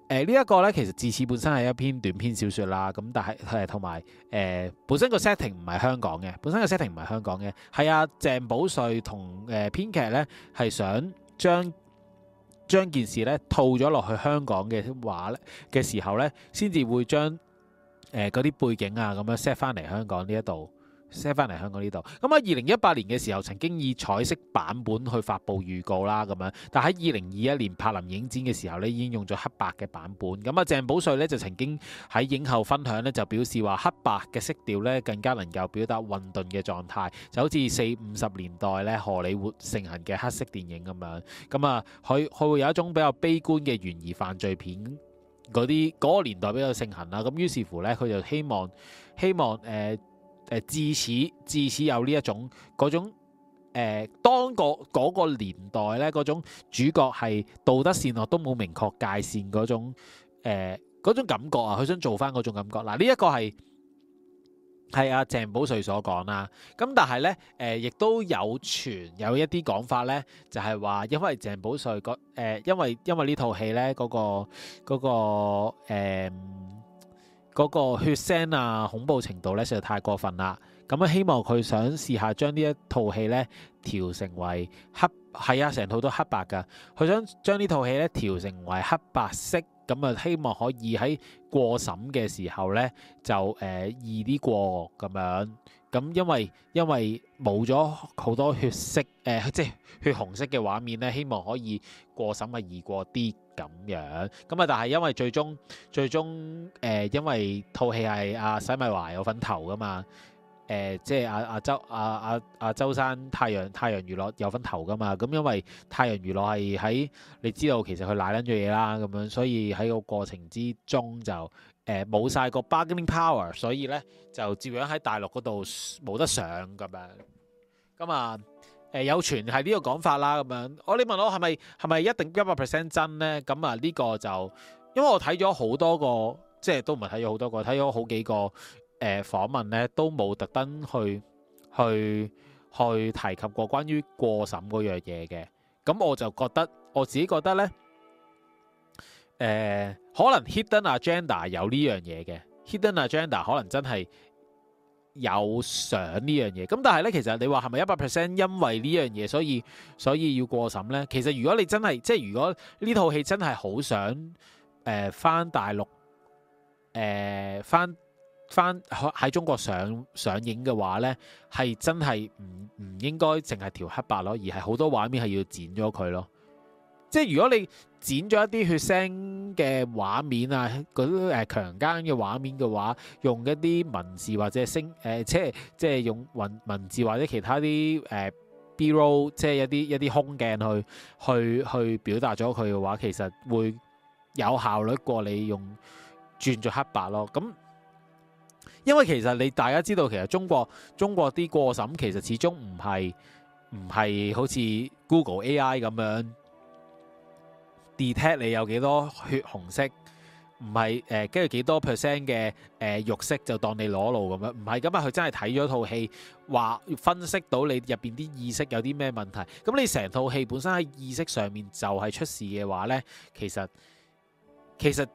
誒呢一個咧，其實智齒本身係一篇短篇小說啦。咁但係係同埋誒本身個 setting 唔係香港嘅，本身個 setting 唔係香港嘅，係阿鄭保瑞同誒編劇咧係想將將件事咧套咗落去香港嘅話咧嘅時候咧，先至會將。誒嗰啲背景啊，咁樣 set 翻嚟香港呢一度，set 翻嚟香港呢度。咁喺二零一八年嘅時候，曾經以彩色版本去發布預告啦，咁樣。但喺二零二一年柏林影展嘅時候呢，已經用咗黑白嘅版本。咁啊，鄭保瑞呢就曾經喺影後分享呢，就表示話黑白嘅色調呢，更加能夠表達混沌嘅狀態，就好似四五十年代呢荷里活盛行嘅黑色電影咁樣。咁啊，佢佢會有一種比較悲觀嘅懸疑犯罪片。嗰啲嗰個年代比較盛行啦，咁於是乎呢，佢就希望希望誒誒、呃呃，至此至此有呢一種嗰種誒、呃，當個,、嗰個年代呢，嗰種主角係道德善惡都冇明確界線嗰種誒嗰種感覺啊，佢想做翻嗰種感覺。嗱，呢一個係。係啊，鄭保瑞所講啦。咁但係呢，誒、呃、亦都有傳有一啲講法呢，就係、是、話因為鄭保瑞嗰、呃、因為因為呢套戲呢嗰個嗰、那個呃那個血腥啊恐怖程度呢，實在太過分啦。咁、嗯、啊，希望佢想試下將呢一套戲呢調成為黑係啊，成套都黑白㗎。佢想將呢套戲呢調成為黑白色。咁啊，希望可以喺過審嘅時候呢，就誒、呃、易啲過咁樣。咁因為因為冇咗好多血色誒、呃，即係血紅色嘅畫面呢，希望可以過審啊，易過啲咁樣。咁啊，但係因為最終最終誒、呃，因為套戲係阿、啊、洗米華有份投㗎嘛。誒、呃，即係阿阿周阿阿阿周生太陽太陽娛樂有份投㗎嘛？咁因為太陽娛樂係喺，你知道其實佢奶捻咗嘢啦，咁樣，所以喺個過程之中就誒冇晒個 bargaining power，所以咧就照樣喺大陸嗰度冇得上咁樣。咁啊，誒、呃、有傳係呢個講法啦，咁樣，我你問我係咪係咪一定一百 percent 真咧？咁啊呢、這個就因為我睇咗好多個，即係都唔係睇咗好多個，睇咗好幾個。誒訪問咧都冇特登去去去提及過關於過審嗰樣嘢嘅，咁我就覺得我自己覺得咧，誒可能 hidden agenda 有呢樣嘢嘅 hidden agenda 可能真係有想呢樣嘢，咁但係咧其實你話係咪一百 percent 因為呢樣嘢所以所以要過審咧？其實如果你真係即係如果呢套戲真係好想誒返大陸誒返。翻喺中國上上映嘅話咧，係真係唔唔應該淨係調黑白咯，而係好多畫面係要剪咗佢咯。即係如果你剪咗一啲血腥嘅畫面啊，啲誒強奸嘅畫面嘅話，用一啲文字或者聲誒、呃，即係即係用文文字或者其他啲誒、呃、B-roll，即係一啲一啲空鏡去去去表達咗佢嘅話，其實會有效率過你用轉咗黑白咯。咁、嗯。因為其實你大家知道，其實中國中國啲過審其實始終唔係唔係好似 Google AI 咁樣 detect 你有幾多血紅色，唔係誒跟住幾多 percent 嘅誒肉色就當你裸露咁樣，唔係咁啊，佢真係睇咗套戲，話分析到你入邊啲意識有啲咩問題，咁你成套戲本身喺意識上面就係出事嘅話呢，其實其實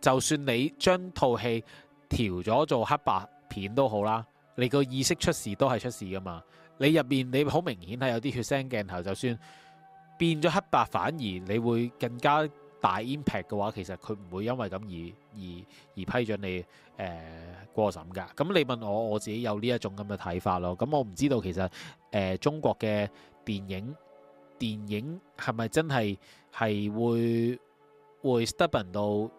就算你將套戲。調咗做黑白片都好啦，你個意識出事都係出事噶嘛？你入面你好明顯係有啲血腥鏡頭，就算變咗黑白，反而你會更加大 impact 嘅話，其實佢唔會因為咁而而而批准你誒、呃、過審噶。咁你問我，我自己有呢一種咁嘅睇法咯。咁我唔知道其實誒、呃、中國嘅電影電影係咪真係係會會 stubborn 到？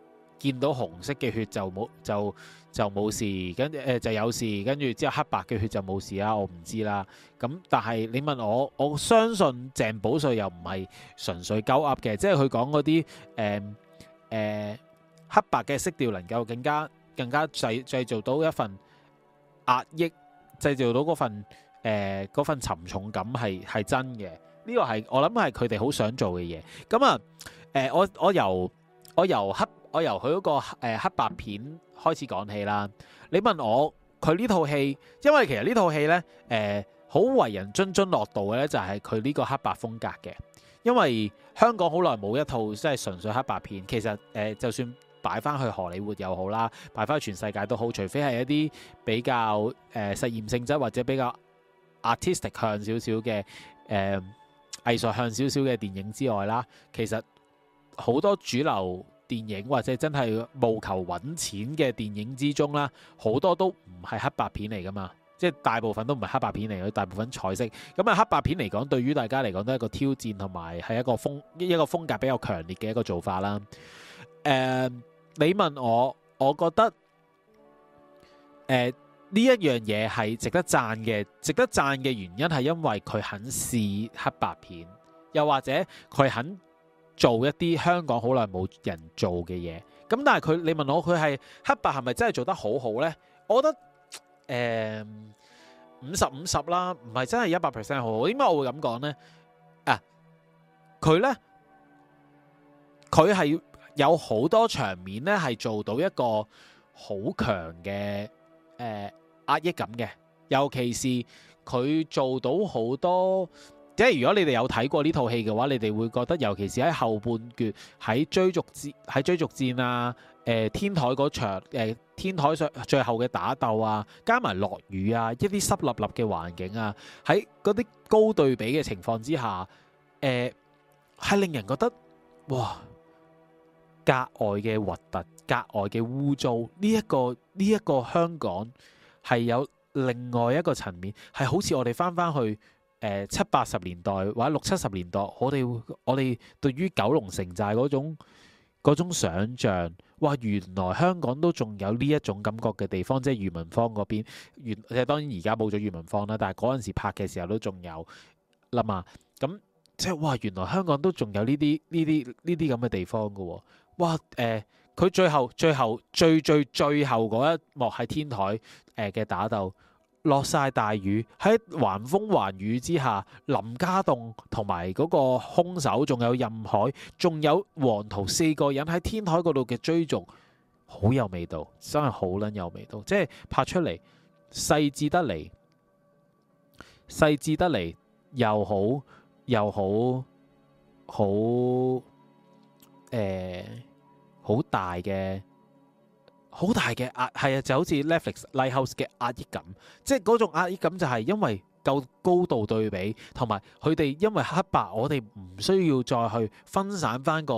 見到紅色嘅血就冇就就冇事，跟住誒、呃、就有事，跟住之後黑白嘅血就冇事啦。我唔知啦。咁但係你問我，我相信鄭保瑞又唔係純粹鳩噏嘅，即係佢講嗰啲誒誒黑白嘅色調能夠更加更加製製造到一份壓抑，製造到嗰份誒、呃、嗰份沉重感係係真嘅。呢、這個係我諗係佢哋好想做嘅嘢。咁啊誒我我由我由黑。我由佢嗰個誒黑白片開始講起啦。你問我佢呢套戲，因為其實呢套戲呢，誒、呃、好為人津津樂道嘅呢，就係佢呢個黑白風格嘅。因為香港好耐冇一套即係純粹黑白片，其實誒、呃、就算擺翻去荷里活又好啦，擺翻去全世界都好，除非係一啲比較誒、呃、實驗性質或者比較 artistic 向少少嘅誒藝術向少少嘅電影之外啦。其實好多主流。電影或者真係務求揾錢嘅電影之中啦，好多都唔係黑白片嚟噶嘛，即係大部分都唔係黑白片嚟，佢大部分彩色。咁啊，黑白片嚟講，對於大家嚟講都係一個挑戰，同埋係一個風一個風格比較強烈嘅一個做法啦。誒、呃，你問我，我覺得誒呢、呃、一樣嘢係值得讚嘅，值得讚嘅原因係因為佢肯試黑白片，又或者佢肯。做一啲香港好耐冇人做嘅嘢，咁但係佢，你問我佢係黑白係咪真係做得好好呢？我覺得誒五十五十啦，唔係真係一百 percent 好好。點解我會咁講呢？啊，佢呢，佢係有好多場面呢，係做到一個好強嘅誒壓抑感嘅，尤其是佢做到好多。即係如果你哋有睇過呢套戲嘅話，你哋會覺得，尤其是喺後半段喺追逐戰喺追逐戰啊，誒、呃、天台嗰場誒、呃、天台上最後嘅打鬥啊，加埋落雨啊，一啲濕立立嘅環境啊，喺嗰啲高對比嘅情況之下，誒、呃、係令人覺得哇，格外嘅核突，格外嘅污糟。呢一個呢一個香港係有另外一個層面，係好似我哋翻翻去。誒、呃、七八十年代或者六七十年代，我哋我哋對於九龍城寨嗰種嗰種想像，哇！原來香港都仲有呢一種感覺嘅地方，即係裕民坊嗰邊。原即係當然而家冇咗裕民坊啦，但係嗰陣時拍嘅時候都仲有，諗下咁即係哇！原來香港都仲有呢啲呢啲呢啲咁嘅地方嘅喎、哦，哇！誒、呃，佢最後最後最，最最最後嗰一幕喺天台誒嘅、呃、打鬥。落晒大雨，喺橫風橫雨之下，林家棟同埋嗰個兇手，仲有任海，仲有黃桃四個人喺天台嗰度嘅追逐，好有味道，真係好撚有味道，即係拍出嚟細緻得嚟，細緻得嚟又好又好好誒好、呃、大嘅。好大嘅壓係啊，就好似 Netflix、Lighthouse 嘅壓抑感，即係嗰種壓抑感就係因為夠高度對比，同埋佢哋因為黑白，我哋唔需要再去分散翻個，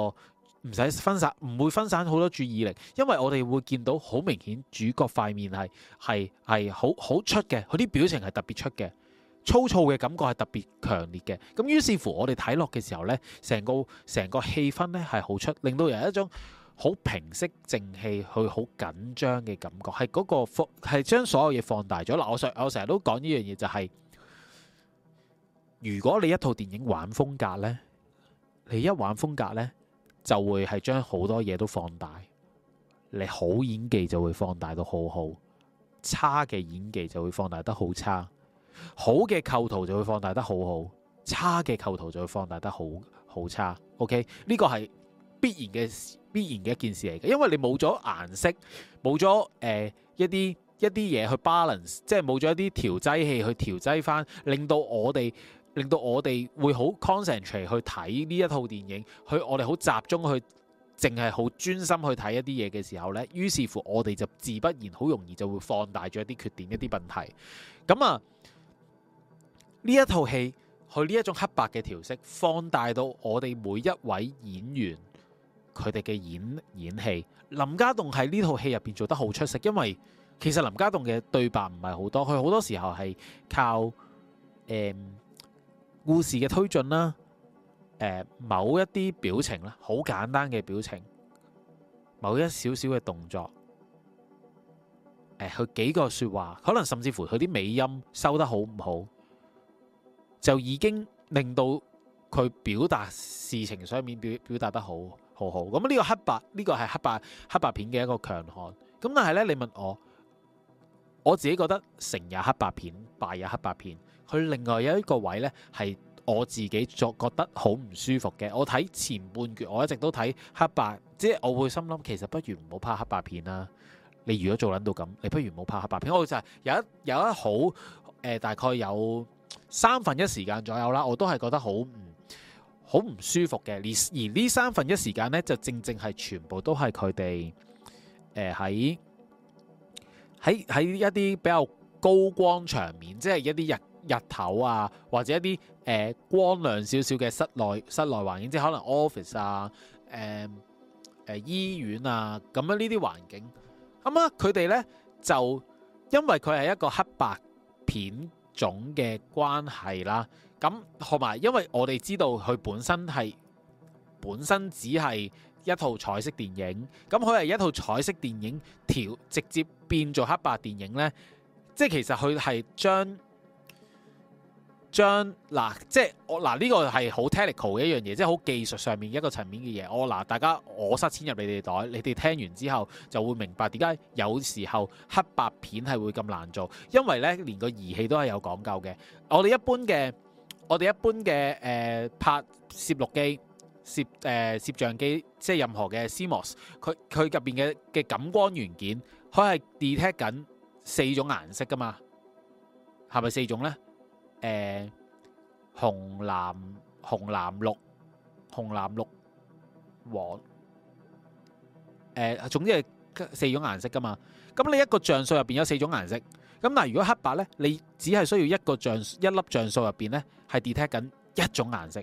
唔使分散，唔會分散好多注意力，因為我哋會見到好明顯主角塊面係係係好好出嘅，佢啲表情係特別出嘅，粗糙嘅感覺係特別強烈嘅，咁於是乎我哋睇落嘅時候呢，成個成個氣氛呢係好出，令到有一種。好平息靜氣，去好緊張嘅感覺係嗰、那個放係將所有嘢放大咗啦。我成我成日都講呢樣嘢就係、是，如果你一套電影玩風格呢，你一玩風格呢，就會係將好多嘢都放大。你好演技就會放大到好好，差嘅演技就會放大得好差，好嘅構圖就會放大得好好，差嘅構圖就會放大得好好差。OK 呢個係必然嘅。必然嘅一件事嚟嘅，因為你冇咗顏色，冇咗誒一啲一啲嘢去 balance，即係冇咗一啲調劑器去調劑翻，令到我哋令到我哋會好 concentrate 去睇呢一套電影，去我哋好集中去，淨係好專心去睇一啲嘢嘅時候咧，於是乎我哋就自不然好容易就會放大咗一啲缺點一啲問題，咁啊，呢一套戲佢呢一種黑白嘅調色，放大到我哋每一位演員。佢哋嘅演演戲，林家棟喺呢套戲入邊做得好出色，因為其實林家棟嘅對白唔係好多，佢好多時候係靠誒故事嘅推進啦，誒、呃、某一啲表情啦，好簡單嘅表情，某一少少嘅動作，誒、呃、佢幾個説話，可能甚至乎佢啲尾音收得好唔好，就已經令到佢表達事情上面表表達得好。好好咁呢個黑白呢、呢個係黑白黑白片嘅一個強項。咁但係呢，你問我，我自己覺得成也黑白片，敗也黑白片。佢另外有一個位呢，係我自己作覺得好唔舒服嘅。我睇前半段，我一直都睇黑白，即係我會心諗，其實不如唔好拍黑白片啦、啊。你如果做撚到咁，你不如唔好拍黑白片。我就係有一有一好、呃、大概有三分一時間左右啦，我都係覺得好唔。好唔舒服嘅，而而呢三分一時間呢，就正正係全部都係佢哋喺喺一啲比較高光場面，即係一啲日日頭啊，或者一啲誒、呃、光亮少少嘅室內室內環境，即係可能 office 啊、誒、呃、誒、呃、醫院啊咁樣呢啲環境。咁、嗯、啊，佢哋呢，就因為佢係一個黑白片種嘅關係啦。咁同埋，因為我哋知道佢本身係本身只係一套彩色電影，咁佢係一套彩色電影調直接變做黑白電影呢。即係其實佢係將將嗱、啊，即係我嗱呢個係好 technical 嘅一樣嘢，即係好技術上面一個層面嘅嘢。我、哦、嗱、啊，大家我塞錢入你哋袋，你哋聽完之後就會明白點解有時候黑白片係會咁難做，因為呢連個儀器都係有講究嘅。我哋一般嘅。我哋一般嘅誒拍攝錄機、攝誒攝像機，即係任何嘅 CMOS，佢佢入邊嘅嘅感光元件，佢係 detect 緊四種顏色㗎嘛？係咪四種咧？誒紅藍紅藍綠紅藍綠黃誒，總之係四種顏色㗎嘛？咁你一個像素入邊有四種顏色。咁嗱，但如果黑白咧，你只係需要一個像一粒像素入邊咧，係 detect 緊一種顏色。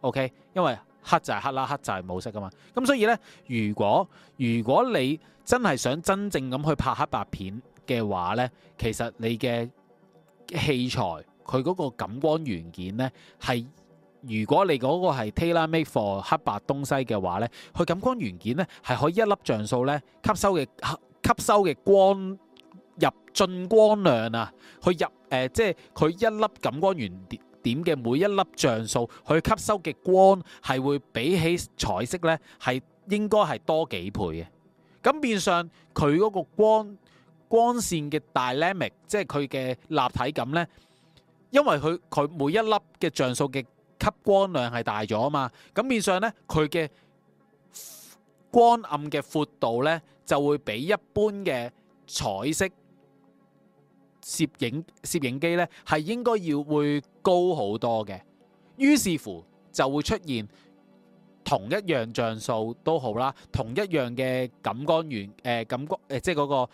OK，因為黑就係黑啦，黑就係冇色噶嘛。咁所以咧，如果如果你真係想真正咁去拍黑白片嘅話咧，其實你嘅器材佢嗰個感光元件咧係，如果你嗰個係 tailor made for 黑白東西嘅話咧，佢感光元件咧係可以一粒像素咧吸收嘅吸收嘅光。入進光量啊，佢入誒、呃，即係佢一粒感光源點嘅每一粒像素佢吸收嘅光，係會比起彩色呢係應該係多幾倍嘅。咁變相，佢嗰個光光線嘅 dynamic，即係佢嘅立體感呢，因為佢佢每一粒嘅像素嘅吸光量係大咗啊嘛。咁變相呢，佢嘅光暗嘅闊度呢，就會比一般嘅彩色攝影攝影機呢係應該要會高好多嘅，於是乎就會出現同一樣像素都好啦，同一樣嘅感光元誒、呃、感光、呃、即係嗰、那個誒、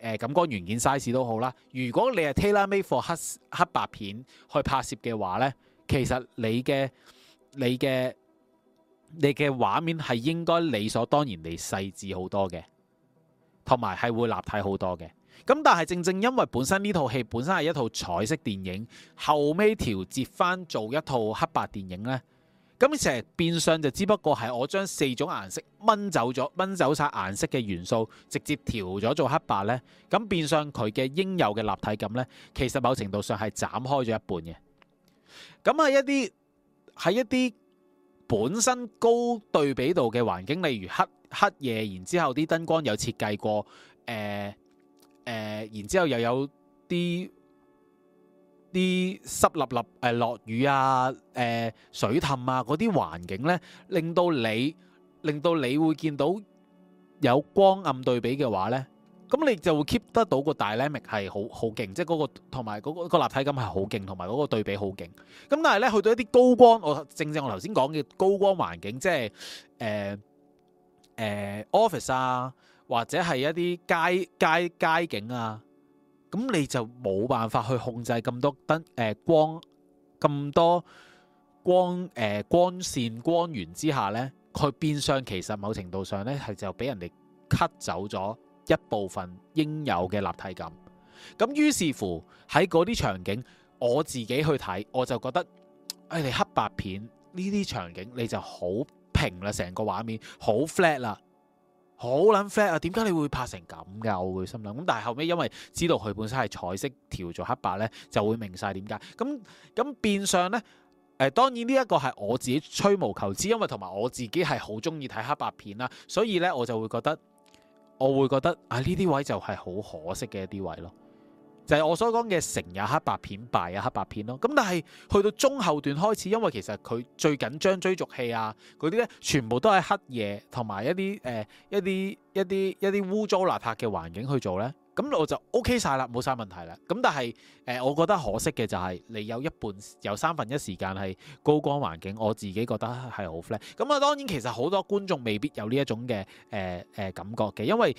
呃、感光元件 size 都好啦。如果你係 tailor-made for 黑黑白片去拍攝嘅話呢，其實你嘅你嘅你嘅畫面係應該理所當然地細緻好多嘅，同埋係會立體好多嘅。咁，但係正正因為本身呢套戲本身係一套彩色電影，後尾調節翻做一套黑白電影呢。咁成日變相就只不過係我將四種顏色掹走咗，掹走晒顏色嘅元素，直接調咗做黑白呢。咁變相佢嘅應有嘅立體感呢，其實某程度上係斬開咗一半嘅。咁係一啲喺一啲本身高對比度嘅環境，例如黑黑夜，然後之後啲燈光有設計過，誒、呃。誒、呃，然之後又有啲啲濕立立誒，落、呃、雨啊，誒水氹啊，嗰啲環境呢，令到你令到你會見到有光暗對比嘅話呢。咁你就會 keep 得到個 dynamic 係好好勁，即係嗰個同埋嗰個個立體感係好勁，同埋嗰個對比好勁。咁但係呢，去到一啲高光，我正正我頭先講嘅高光環境，即係、呃呃、office 啊。或者係一啲街街街景啊，咁你就冇辦法去控制咁多燈誒、呃、光咁多光誒、呃、光線光源之下呢，佢變相其實某程度上呢，係就俾人哋 cut 走咗一部分應有嘅立體感。咁於是乎喺嗰啲場景，我自己去睇我就覺得，誒、哎、你黑白片呢啲場景你就好平啦，成個畫面好 flat 啦。好撚 fair 啊！點解你會拍成咁㗎？我會心諗咁，但係後尾因為知道佢本身係彩色調做黑白咧，就會明晒點解。咁咁變相咧，誒、呃、當然呢一個係我自己吹毛求疵，因為同埋我自己係好中意睇黑白片啦，所以咧我就會覺得，我會覺得啊呢啲位就係好可惜嘅一啲位咯。就係我所講嘅成日黑白片、敗啊黑白片咯。咁但係去到中後段開始，因為其實佢最緊張追逐戲啊嗰啲咧，全部都係黑夜同埋一啲誒、呃、一啲一啲一啲污糟邋遢嘅環境去做咧。咁我就 OK 晒啦，冇晒問題啦。咁但係誒、呃，我覺得可惜嘅就係、是、你有一半有三分一時間係高光環境，我自己覺得係好 flat。咁、嗯、啊，當然其實好多觀眾未必有呢一種嘅誒誒感覺嘅，因為。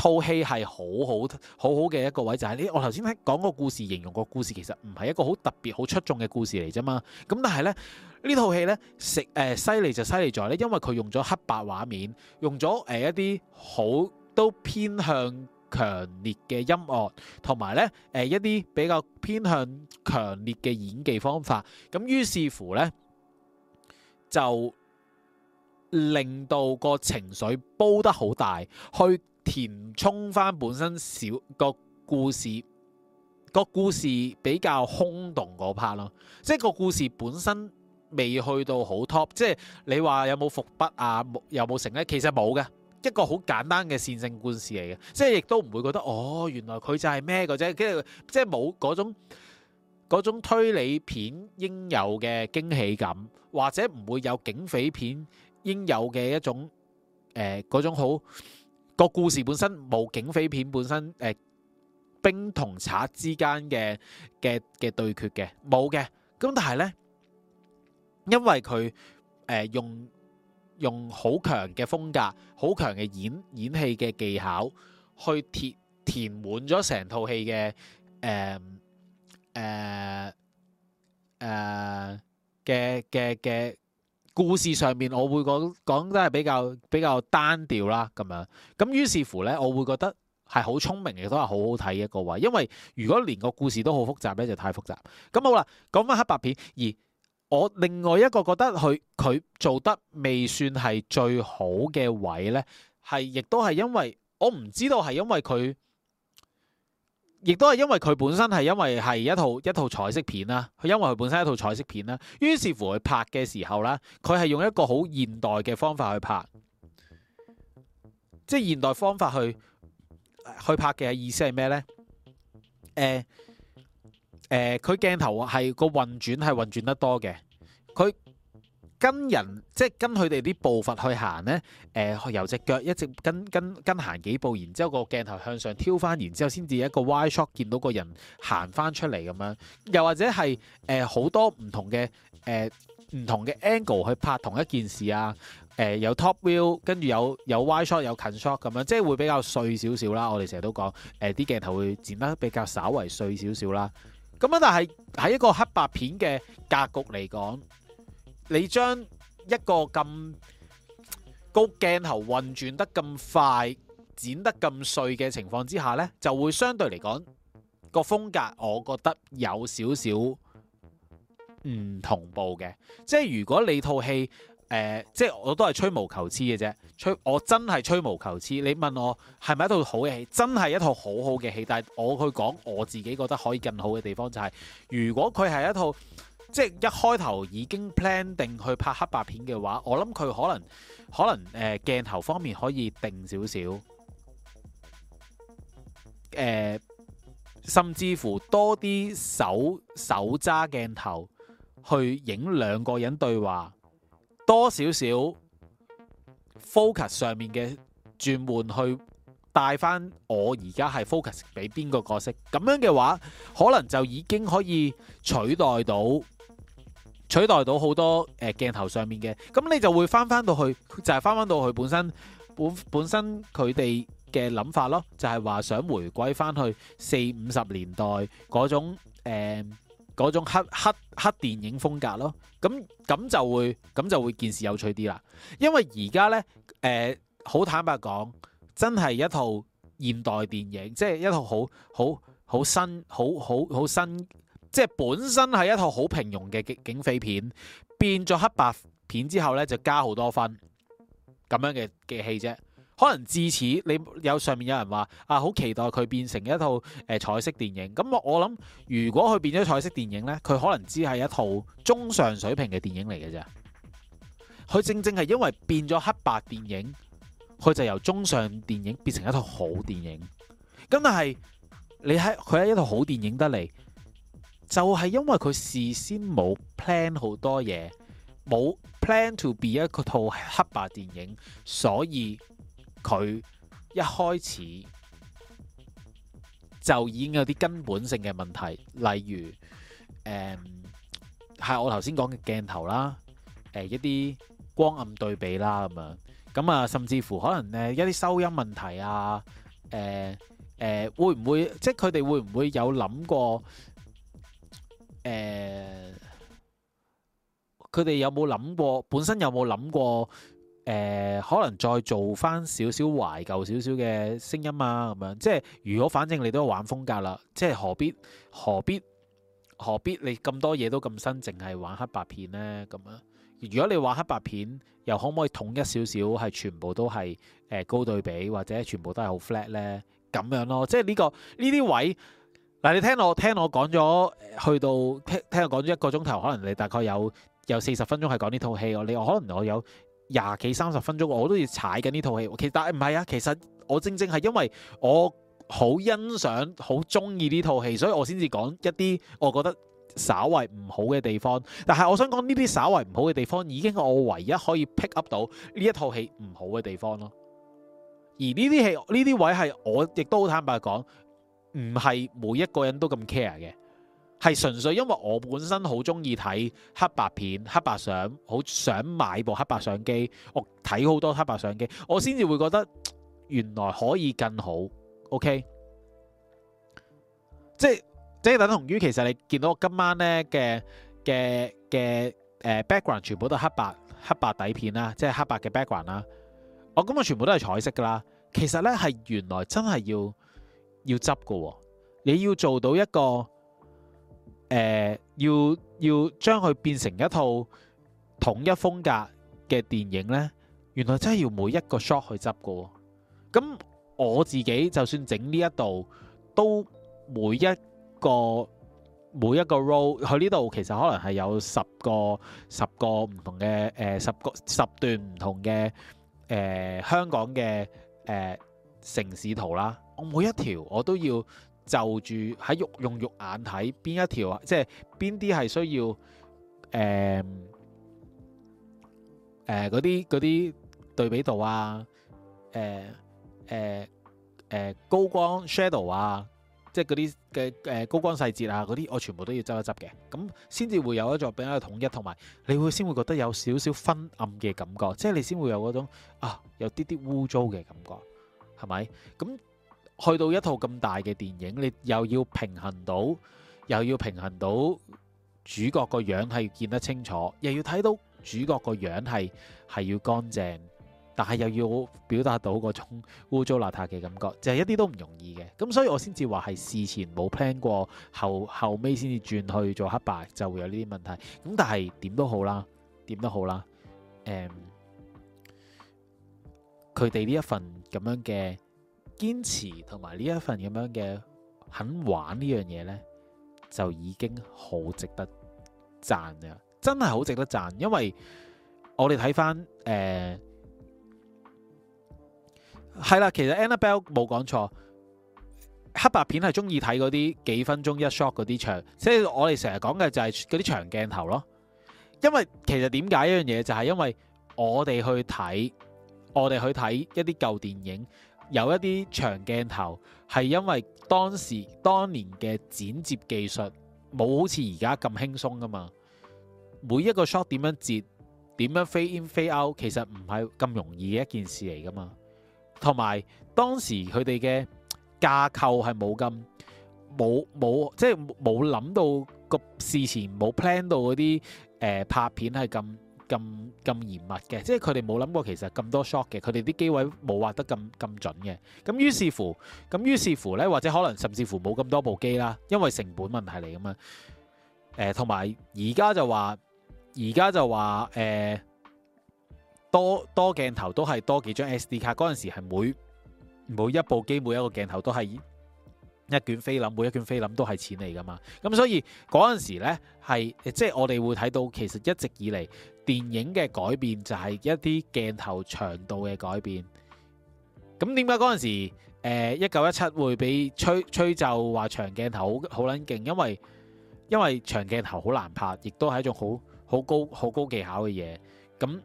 套戲係好好好好嘅一個位，就係呢，我頭先講個故事，形容個故事其實唔係一個好特別、好出眾嘅故事嚟啫嘛。咁但係呢，呢套戲呢，食、呃、犀利就犀利在呢，因為佢用咗黑白畫面，用咗誒一啲好都偏向強烈嘅音樂，同埋呢誒、呃、一啲比較偏向強烈嘅演技方法。咁於是乎呢，就令到個情緒煲得好大，去。填充翻本身小個故事個故事比較空洞嗰 part 咯，即係個故事本身未去到好 top，即係你話有冇伏筆啊？有冇成咧，其實冇嘅，一個好簡單嘅線性故事嚟嘅，即係亦都唔會覺得哦，原來佢就係咩嘅啫，跟住即係冇嗰種嗰種推理片應有嘅驚喜感，或者唔會有警匪片應有嘅一種誒嗰、呃、種好。個故事本身冇警匪片本身，誒，兵同賊之間嘅嘅嘅對決嘅冇嘅。咁但係呢，因為佢誒用用好強嘅風格、好強嘅演演戲嘅技巧去填填滿咗成套戲嘅誒誒誒嘅嘅嘅。故事上面，我會講講都係比較比較單調啦，咁樣咁於是乎呢，我會覺得係好聰明亦都係好好睇嘅一個位，因為如果連個故事都好複雜呢，就太複雜。咁好啦，講翻黑白片，而我另外一個覺得佢佢做得未算係最好嘅位呢，係亦都係因為我唔知道係因為佢。亦都係因為佢本身係因為係一套一套彩色片啦，佢因為佢本身一套彩色片啦，於是乎佢拍嘅時候啦，佢係用一個好現代嘅方法去拍，即係現代方法去去拍嘅意思係咩呢？佢、呃呃、鏡頭係個運轉係運轉得多嘅，佢。跟人即係跟佢哋啲步伐去行呢，誒、呃，由隻腳一直跟跟跟行幾步，然之後個鏡頭向上挑翻，然之後先至一個 wide shot 見到個人行翻出嚟咁樣，又或者係誒好多唔同嘅誒唔同嘅 angle 去拍同一件事啊，誒、呃，有 top view，跟住有有 wide shot，有近 shot 咁樣，即係會比較碎少少啦。我哋成日都講，誒、呃，啲鏡頭會剪得比較稍微碎少少啦。咁樣，但係喺一個黑白片嘅格局嚟講。你將一個咁高鏡頭運轉得咁快，剪得咁碎嘅情況之下呢，就會相對嚟講個風格，我覺得有少少唔同步嘅。即係如果你套戲，誒、呃，即係我都係吹毛求疵嘅啫，吹我真係吹毛求疵。你問我係咪一套好嘅戲？真係一套好好嘅戲。但係我去講我自己覺得可以更好嘅地方就係、是，如果佢係一套。即係一開頭已經 plan 定去拍黑白片嘅話，我諗佢可能可能誒鏡頭方面可以定少少，誒、呃、甚至乎多啲手手揸鏡頭去影兩個人對話，多少少 focus 上面嘅轉換去帶翻我而家係 focus 俾邊個角色，咁樣嘅話，可能就已經可以取代到。取代到好多誒、呃、鏡頭上面嘅，咁你就會返返到去，就係返返到去本身本本身佢哋嘅諗法咯，就係、是、話想回歸返去四五十年代嗰種誒嗰、呃、種黑黑黑電影風格咯，咁咁就會咁就會件事有趣啲啦，因為而家呢，誒、呃、好坦白講，真係一套現代電影，即、就、係、是、一套好好好新好好好新。即係本身係一套好平庸嘅警匪片，變咗黑白片之後呢，就加好多分咁樣嘅嘅戲啫。可能自此你有上面有人話啊，好期待佢變成一套誒、呃、彩色電影。咁、嗯、我諗，如果佢變咗彩色電影呢，佢可能只係一套中上水平嘅電影嚟嘅啫。佢正正係因為變咗黑白電影，佢就由中上電影變成一套好電影。咁但係你睇佢係一套好電影得嚟。就係因為佢事先冇 plan 好多嘢，冇 plan to be 一套黑白電影，所以佢一開始就已經有啲根本性嘅問題，例如誒係我頭先講嘅鏡頭啦，誒一啲光暗對比啦咁啊，咁啊，甚至乎可能呢一啲收音問題啊，誒誒會唔會即係佢哋會唔會有諗過？誒，佢哋、呃、有冇諗過？本身有冇諗過？誒、呃，可能再做翻少少懷舊少少嘅聲音啊？咁樣，即係如果反正你都玩風格啦，即係何必何必何必你咁多嘢都咁新，淨係玩黑白片呢？咁樣？如果你玩黑白片，又可唔可以統一少少？係全部都係誒、呃、高對比，或者全部都係好 flat 呢？咁樣咯，即係呢、這個呢啲位。嗱，你聽我聽我講咗，去到聽聽我講咗一個鐘頭，可能你大概有有四十分鐘係講呢套戲，我你可能我有廿幾三十分鐘，我都要踩緊呢套戲。其實但係唔係啊？其實我正正係因為我好欣賞、好中意呢套戲，所以我先至講一啲我覺得稍為唔好嘅地方。但係我想講呢啲稍為唔好嘅地方，已經我唯一可以 pick up 到呢一套戲唔好嘅地方咯。而呢啲戲呢啲位係我亦都好坦白講。唔係每一個人都咁 care 嘅，係純粹因為我本身好中意睇黑白片、黑白相，好想買部黑白相機，我睇好多黑白相機，我先至會覺得原來可以更好。OK，即係等同於其實你見到我今晚呢嘅嘅嘅誒 background 全部都係黑白黑白底片啦，即係黑白嘅 background 啦。我咁啊，全部都係彩色噶啦。其實呢係原來真係要。要執㗎，你要做到一個誒、呃，要要將佢變成一套統一風格嘅電影呢，原來真係要每一個 shot 去執㗎。咁我自己就算整呢一度，都每一個每一個 row，佢呢度其實可能係有十個十個唔同嘅誒，十個、呃、十個十段唔同嘅誒、呃，香港嘅誒、呃、城市圖啦。我每一條我都要就住喺肉用肉眼睇邊一條啊，即係邊啲係需要誒誒嗰啲嗰啲對比度啊，誒誒誒高光 shadow 啊，即係嗰啲嘅誒高光細節啊，嗰啲我全部都要執一執嘅，咁先至會有一座比較統一，同埋你會先會覺得有少少昏暗嘅感覺，即係你先會有嗰種啊有啲啲污糟嘅感覺，係咪咁？去到一套咁大嘅電影，你又要平衡到，又要平衡到主角個樣係要見得清楚，又要睇到主角個樣係係要乾淨，但係又要表達到嗰種污糟邋遢嘅感覺，就係一啲都唔容易嘅。咁所以我先至話係事前冇 plan 過，後後尾先至轉去做黑白，就會有呢啲問題。咁但係點都好啦，點都好啦，誒、嗯，佢哋呢一份咁樣嘅。堅持同埋呢一份咁樣嘅肯玩呢樣嘢呢，就已經好值得讚啦！真係好值得讚，因為我哋睇翻誒係啦，其實 Annabelle 冇講錯，黑白片係中意睇嗰啲幾分鐘一 shot 嗰啲長，即係我哋成日講嘅就係嗰啲長鏡頭咯。因為其實點解一樣嘢就係因為我哋去睇，我哋去睇一啲舊電影。有一啲長鏡頭係因為當時當年嘅剪接技術冇好似而家咁輕鬆噶嘛，每一個 shot 點樣接，點樣 fade in fade out 其實唔係咁容易嘅一件事嚟噶嘛，同埋當時佢哋嘅架構係冇咁冇冇即係冇諗到個事前冇 plan 到嗰啲誒拍片係咁。咁咁嚴密嘅，即係佢哋冇諗過其實咁多 shot 嘅，佢哋啲機位冇畫得咁咁準嘅。咁於是乎，咁於是乎呢，或者可能甚至乎冇咁多部機啦，因為成本問題嚟㗎嘛。同埋而家就話，而家就話，誒、呃、多多鏡頭都係多幾張 SD 卡。嗰陣時係每每一部機每一個鏡頭都係一卷菲林，每一卷菲林都係錢嚟㗎嘛。咁所以嗰陣時呢係即係我哋會睇到，其實一直以嚟。電影嘅改變就係一啲鏡頭長度嘅改變。咁點解嗰陣時，誒一九一七會俾吹吹就話長鏡頭好好撚勁？因為因為長鏡頭好難拍，亦都係一種好好高好高技巧嘅嘢。咁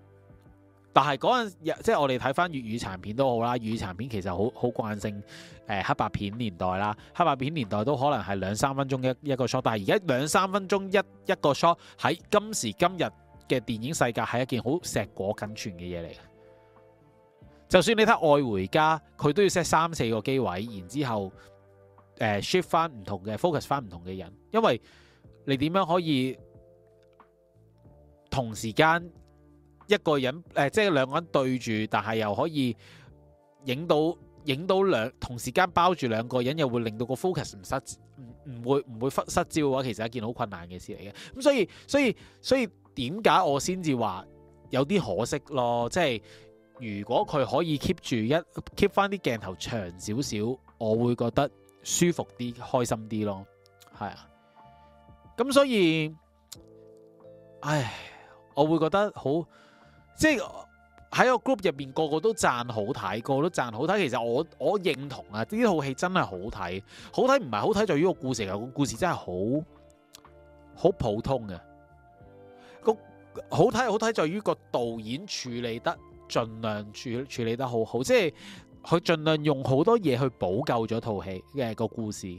但係嗰日即係我哋睇翻粵語殘片都好啦，粵語殘片其實好好慣性誒黑白片年代啦，黑白片年代都可能係兩三分鐘一一個 shot，但係而家兩三分鐘一一個 shot 喺今時今日嘅電影世界係一件好碩果僅存嘅嘢嚟嘅，就算你睇《愛回家》，佢都要 set 三四個機位，然之後誒、呃、shift 翻唔同嘅 focus 翻唔同嘅人，因為你點樣可以同時間一個人誒、呃，即係兩個人對住，但係又可以影到影到兩同時間包住兩個人，又會令到個 focus 唔失唔唔會唔會失失焦嘅話，其實係一件好困難嘅事嚟嘅。咁所以所以所以。所以所以點解我先至話有啲可惜咯？即係如果佢可以 keep 住一 keep 返啲鏡頭長少少，我會覺得舒服啲、開心啲咯。係啊，咁所以，唉，我會覺得好即係喺個 group 入邊，個個都讚好睇，個個都讚好睇。其實我我認同啊，呢套戲真係好睇，好睇唔係好睇就呢個故事啊，個故事真係好好普通嘅。好睇好睇在於個導演處理得盡量處處理得好好，即係佢盡量用好多嘢去補救咗套戲嘅個故事。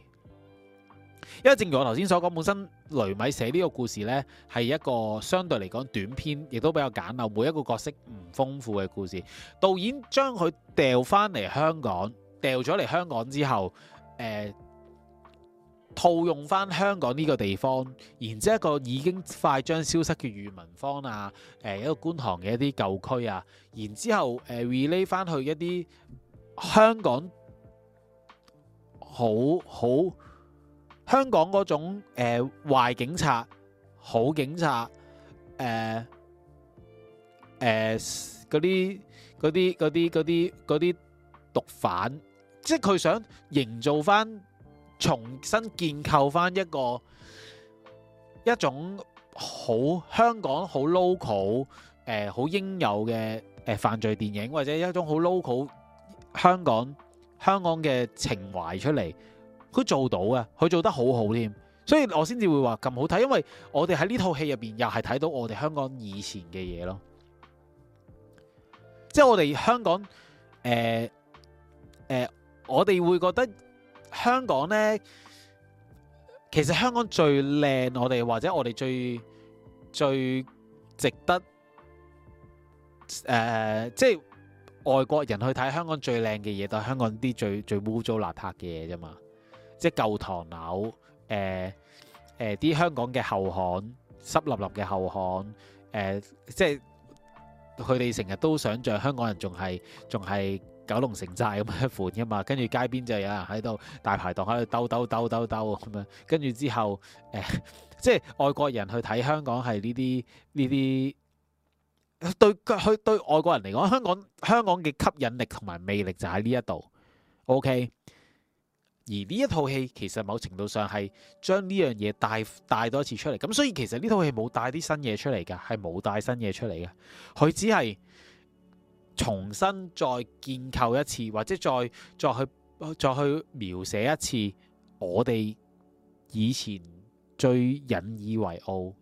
因為正如我頭先所講，本身雷米寫呢個故事呢係一個相對嚟講短篇，亦都比較簡陋，每一個角色唔豐富嘅故事。導演將佢掉翻嚟香港，掉咗嚟香港之後，誒、呃。套用翻香港呢個地方，然之後一個已經快將消失嘅裕民坊啊，誒、呃、一個觀塘嘅一啲舊區啊，然之後誒、呃、relay 翻去一啲香港好好香港嗰種誒、呃、壞警察、好警察誒誒嗰啲嗰啲嗰啲嗰啲嗰啲毒販，即係佢想營造翻。重新建構翻一個一種好香港好 local 誒、呃、好應有嘅誒、呃、犯罪電影，或者一種好 local 香港香港嘅情懷出嚟，佢做到啊，佢做得好好添，所以我先至會話咁好睇，因為我哋喺呢套戲入邊又係睇到我哋香港以前嘅嘢咯，即係我哋香港誒誒、呃呃，我哋會覺得。香港呢，其實香港最靚我哋，或者我哋最最值得誒、呃，即係外國人去睇香港最靚嘅嘢，都係香港啲最最污糟邋遢嘅嘢啫嘛！即係舊唐樓，誒誒啲香港嘅後巷，濕立立嘅後巷，誒、呃、即係佢哋成日都想像香港人仲係仲係。九龍城寨咁一款噶嘛，跟住街邊就有人喺度大排檔喺度兜兜兜兜兜咁樣，跟住之後誒、呃，即係外國人去睇香港係呢啲呢啲對佢、對，對外國人嚟講，香港香港嘅吸引力同埋魅力就喺呢一度。OK，而呢一套戲其實某程度上係將呢樣嘢帶帶多一次出嚟，咁所以其實呢套戲冇帶啲新嘢出嚟㗎，係冇帶新嘢出嚟嘅，佢只係。重新再建構一次，或者再再去再去描寫一次我哋以前最引以為傲，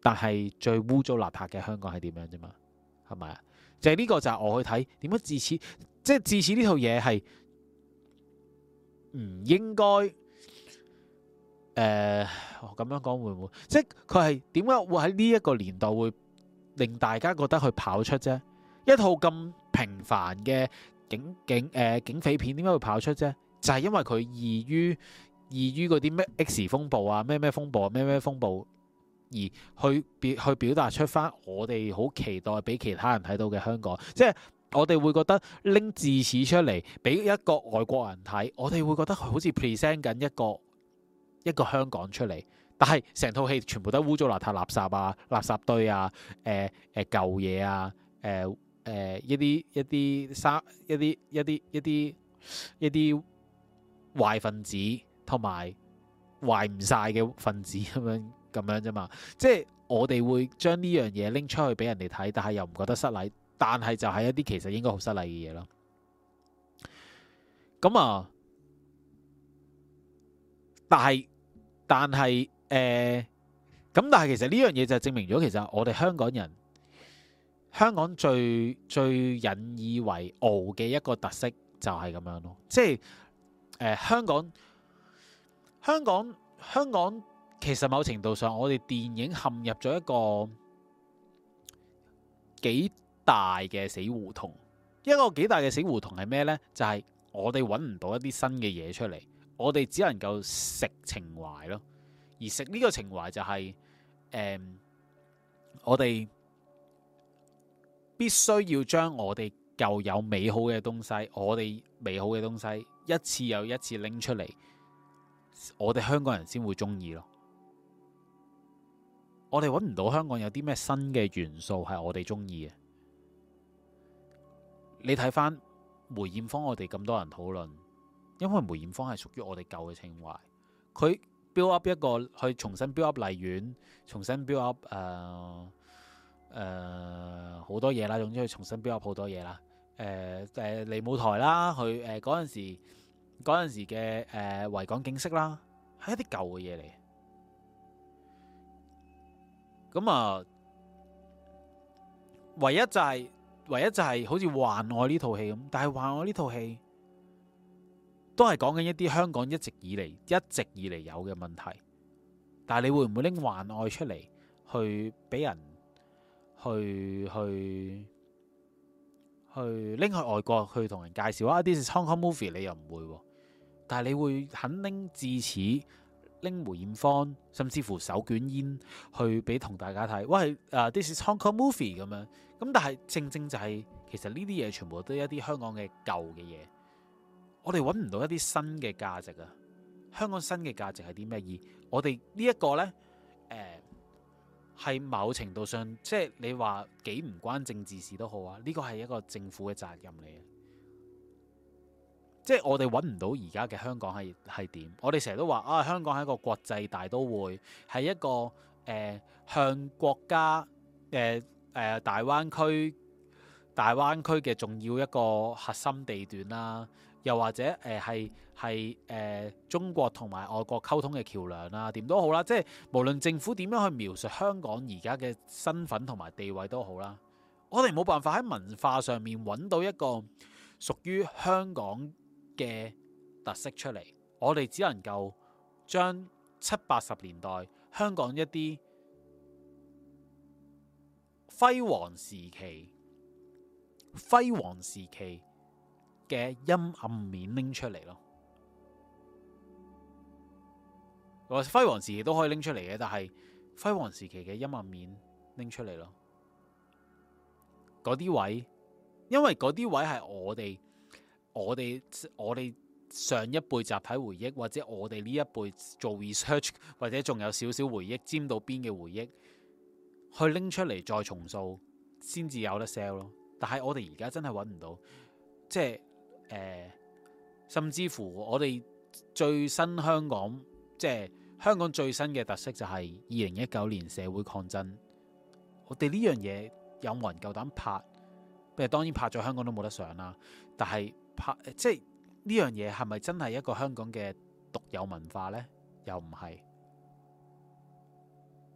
但係最污糟邋遢嘅香港係點樣啫嘛？係咪啊？就係、是、呢個就係我去睇點樣智齒，即係智齒呢套嘢係唔應該誒，我咁、呃、樣講會唔會？即係佢係點解會喺呢一個年代會？令大家覺得佢跑出啫，一套咁平凡嘅警警誒、呃、警匪片點解會跑出啫？就係、是、因為佢異於異於嗰啲咩 X 風暴啊，咩咩風暴啊，咩咩風暴，啊咩咩風暴啊，而去表去表達出翻我哋好期待俾其他人睇到嘅香港，即係我哋會覺得拎字詞出嚟俾一個外國人睇，我哋會覺得佢好似 present 緊一個一個香港出嚟。但係成套戲全部都污糟邋遢垃圾啊，垃圾堆啊，誒誒舊嘢啊，誒、呃、誒、呃、一啲一啲沙一啲一啲一啲一啲壞分子同埋壞唔晒嘅分子咁樣咁樣啫嘛，即係我哋會將呢樣嘢拎出去俾人哋睇，但係又唔覺得失禮，但係就係一啲其實應該好失禮嘅嘢咯。咁、嗯、啊，但係但係。誒，咁、呃、但係其實呢樣嘢就證明咗，其實我哋香港人香港最最引以為傲嘅一個特色就係咁樣咯。即係、呃、香港香港香港其實某程度上我哋電影陷入咗一個幾大嘅死胡同。一個幾大嘅死胡同係咩呢？就係、是、我哋揾唔到一啲新嘅嘢出嚟，我哋只能夠食情懷咯。而食呢個情懷就係，誒，我哋必須要將我哋舊有美好嘅東西，我哋美好嘅東西一次又一次拎出嚟，我哋香港人先會中意咯。我哋揾唔到香港有啲咩新嘅元素係我哋中意嘅。你睇翻梅艷芳，我哋咁多人討論，因為梅艷芳係屬於我哋舊嘅情懷，佢。build up 一個去重新 build up 荔園，重新 build up 誒誒好多嘢啦，總之去重新 build up 好多嘢啦。誒、呃、誒，利、呃、舞台啦，去誒嗰陣時陣時嘅誒維港景色啦，係一啲舊嘅嘢嚟。咁啊、呃，唯一就係、是、唯一就係好似《還愛》呢套戲咁，但係《還愛》呢套戲。都係講緊一啲香港一直以嚟，一直以嚟有嘅問題，但係你會唔會拎幻愛出嚟去俾人去去去拎去外國去同人介紹啊？this is Hong Kong movie 你又唔會，但係你會肯拎智齒，拎梅艷芳，甚至乎手捲煙去俾同大家睇，喂、啊、誒，this is Hong Kong movie 咁樣，咁但係正正就係、是、其實呢啲嘢全部都係一啲香港嘅舊嘅嘢。我哋揾唔到一啲新嘅價值啊！香港新嘅價值係啲咩？而我哋呢一個呢，誒、呃、係某程度上，即係你話幾唔關政治事都好啊。呢、這個係一個政府嘅責任嚟嘅，即係我哋揾唔到而家嘅香港係係點？我哋成日都話啊，香港係一個國際大都會，係一個誒、呃、向國家誒誒、呃呃、大灣區大灣區嘅重要一個核心地段啦、啊。又或者誒係係誒中國同埋外國溝通嘅橋梁啦、啊，點都好啦，即係無論政府點樣去描述香港而家嘅身份同埋地位都好啦，我哋冇辦法喺文化上面揾到一個屬於香港嘅特色出嚟，我哋只能夠將七八十年代香港一啲輝煌時期、輝煌時期。嘅陰暗面拎出嚟咯，或者輝煌時期都可以拎出嚟嘅，但係輝煌時期嘅陰暗面拎出嚟咯。嗰啲位，因為嗰啲位係我哋、我哋、我哋上一輩集體回憶，或者我哋呢一輩做 research，或者仲有少少回憶沾到邊嘅回憶，去拎出嚟再重塑，先至有得 sell 咯。但係我哋而家真係揾唔到，即係。誒、呃，甚至乎我哋最新香港，即係香港最新嘅特色就係二零一九年社會抗爭。我哋呢樣嘢有冇人夠膽拍？誒，當然拍咗香港都冇得上啦。但係拍，即係呢樣嘢係咪真係一個香港嘅獨有文化呢？又唔係？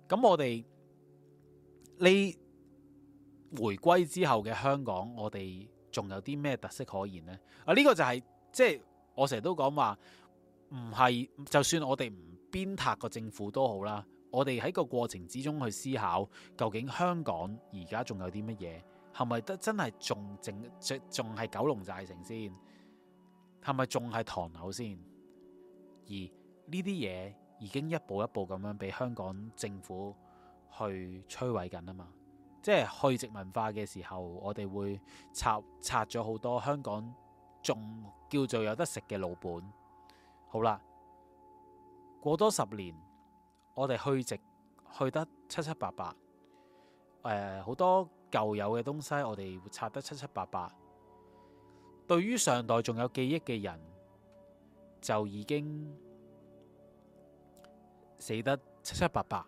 咁我哋呢回歸之後嘅香港，我哋。仲有啲咩特色可言咧？啊，呢個就係，即係我成日都講話，唔係，就算我哋唔鞭撻個政府都好啦，我哋喺個過程之中去思考，究竟香港而家仲有啲乜嘢？係咪得真係仲剩仲仲係九龍寨城先？係咪仲係唐樓先？而呢啲嘢已經一步一步咁樣俾香港政府去摧毀緊啊嘛！即係去殖文化嘅時候，我哋會拆拆咗好多香港仲叫做有得食嘅老本。好啦，過多十年，我哋去殖去得七七八八。誒、呃，好多舊有嘅東西我哋會拆得七七八八。對於上代仲有記憶嘅人，就已經死得七七八八。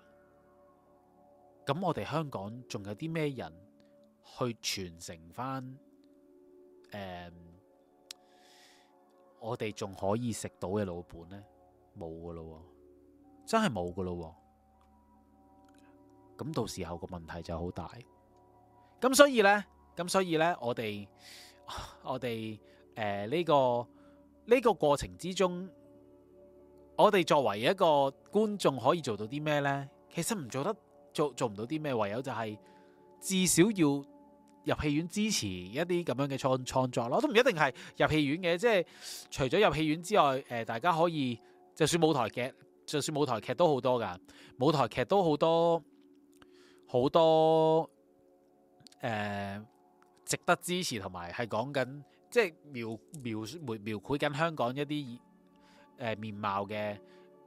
咁我哋香港仲有啲咩人去傳承翻、呃？我哋仲可以食到嘅老本呢？冇噶咯，真係冇噶咯。咁到時候個問題就好大。咁所以呢？咁所以呢？我哋我哋誒呢個呢、呢個過程之中，我哋作為一個觀眾可以做到啲咩呢？其實唔做得。做做唔到啲咩，唯有就係至少要入戲院支持一啲咁樣嘅創創作咯，都唔一定係入戲院嘅，即係除咗入戲院之外，誒，大家可以就算舞台劇，就算舞台劇都好多噶，舞台劇都好多好多誒值得支持同埋係講緊，即係描描描描繪緊香港一啲誒面貌嘅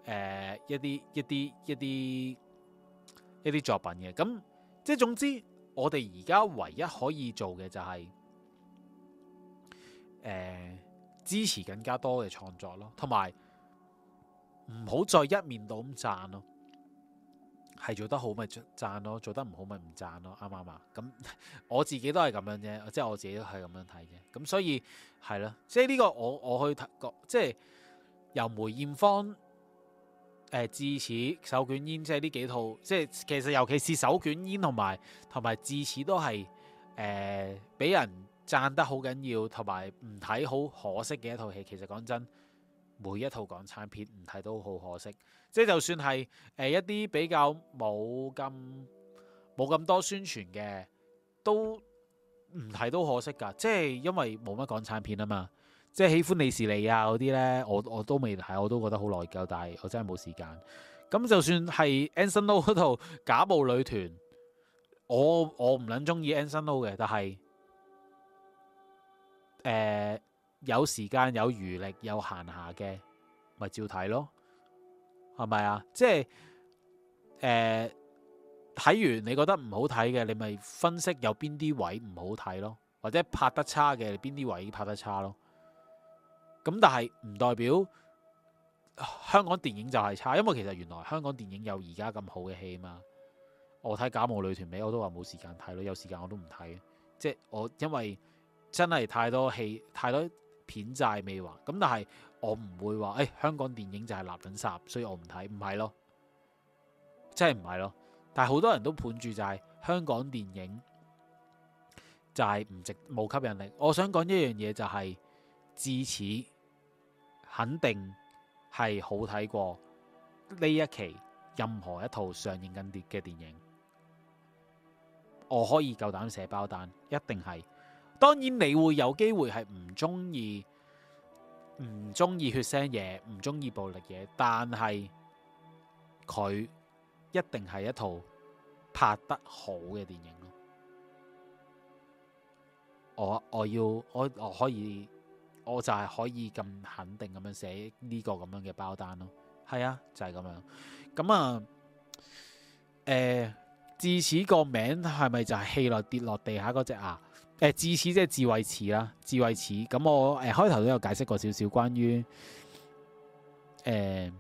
誒一啲一啲一啲。一一啲作品嘅，咁即係總之，我哋而家唯一可以做嘅就係，誒，支持更加多嘅創作咯，同埋唔好再一面倒咁讚咯，係做得好咪讚咯，做得唔好咪唔讚咯，啱唔啱啊？咁我自己都係咁樣啫，即係我自己都係咁樣睇嘅。咁所以係咯，即係呢個我我去睇覺，即係由梅艷芳。.誒，智齒、手捲煙，即係呢幾套，即係其實尤其是手捲煙同埋同埋智齒都係誒，俾人讚得好緊要，同埋唔睇好可惜嘅一套戲。其實講真，每一套港產片唔睇都好可惜。即係就算係誒、呃、一啲比較冇咁冇咁多宣傳嘅，都唔睇都可惜㗎。即係因為冇乜港產片啊嘛。即係喜歡利是利啊嗰啲呢，我我都未睇，我都覺得好內疚。但係我真係冇時間咁。就算係《Anson Lo 嗰套假模女團，我我唔撚鍾意《Anson Lo 嘅，但係誒、呃、有時間有餘力有閒暇嘅，咪照睇咯，係咪啊？即係誒睇完你覺得唔好睇嘅，你咪分析有邊啲位唔好睇咯，或者拍得差嘅你邊啲位拍得差咯。咁但係唔代表香港電影就係差，因為其實原來香港電影有而家咁好嘅戲嘛。我睇《假冒女團》美》，我都話冇時間睇咯，有時間我都唔睇，即係我因為真係太多戲太多片債未還。咁但係我唔會話誒、哎、香港電影就係垃圾，所以我唔睇，唔係咯，真係唔係咯。但係好多人都判住就係香港電影就係唔值冇吸引力。我想講一樣嘢就係、是、智齒。肯定係好睇過呢一期任何一套上映緊嘅電影，我可以夠膽寫包單，一定係。當然你會有機會係唔中意，唔中意血腥嘢，唔中意暴力嘢，但係佢一定係一套拍得好嘅電影咯。我我要我我可以。我就係可以咁肯定咁樣寫呢個咁樣嘅包單咯是、啊，係啊，就係咁樣。咁啊，誒，智齒個名係咪就係、是、氣落跌落地下嗰隻牙？誒、呃，智齒即係智慧齒啦，智慧齒。咁、嗯、我誒開頭都有解釋過少少關於，誒、呃，誒、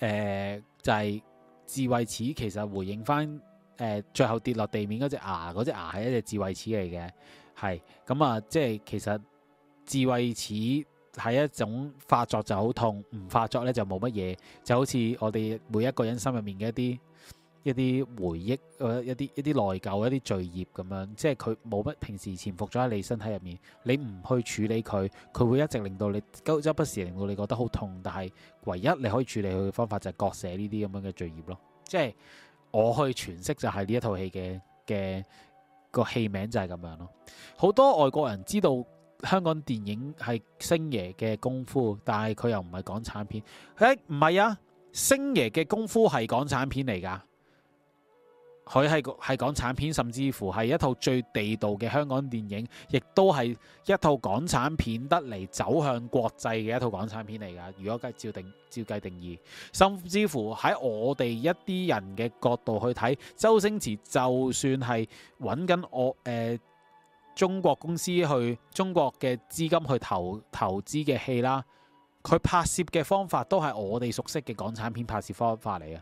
呃，就係、是、智慧齒其實回應返，誒、呃，最後跌落地面嗰隻牙，嗰隻牙係一隻智慧齒嚟嘅，係。咁、嗯、啊、呃，即係其實。智慧齒係一種發作就好痛，唔發作咧就冇乜嘢。就好似我哋每一個人心入面嘅一啲一啲回憶，一啲一啲內疚，一啲罪孽咁樣。即係佢冇乜平時潛伏咗喺你身體入面，你唔去處理佢，佢會一直令到你，周周不時令到你覺得好痛。但係唯一你可以處理佢嘅方法就係割捨呢啲咁樣嘅罪孽咯。即係我去詮釋就係呢一套戲嘅嘅個戲名就係咁樣咯。好多外國人知道。香港電影係星爺嘅功夫，但係佢又唔係港產片。誒，唔係啊，星爺嘅功夫係港產片嚟㗎，佢係係港產片，甚至乎係一套最地道嘅香港電影，亦都係一套港產片得嚟走向國際嘅一套港產片嚟㗎。如果計照定照計定義，甚至乎喺我哋一啲人嘅角度去睇，周星馳就算係揾緊我誒。呃中國公司去中國嘅資金去投投資嘅戲啦，佢拍攝嘅方法都係我哋熟悉嘅港產片拍攝方法嚟嘅。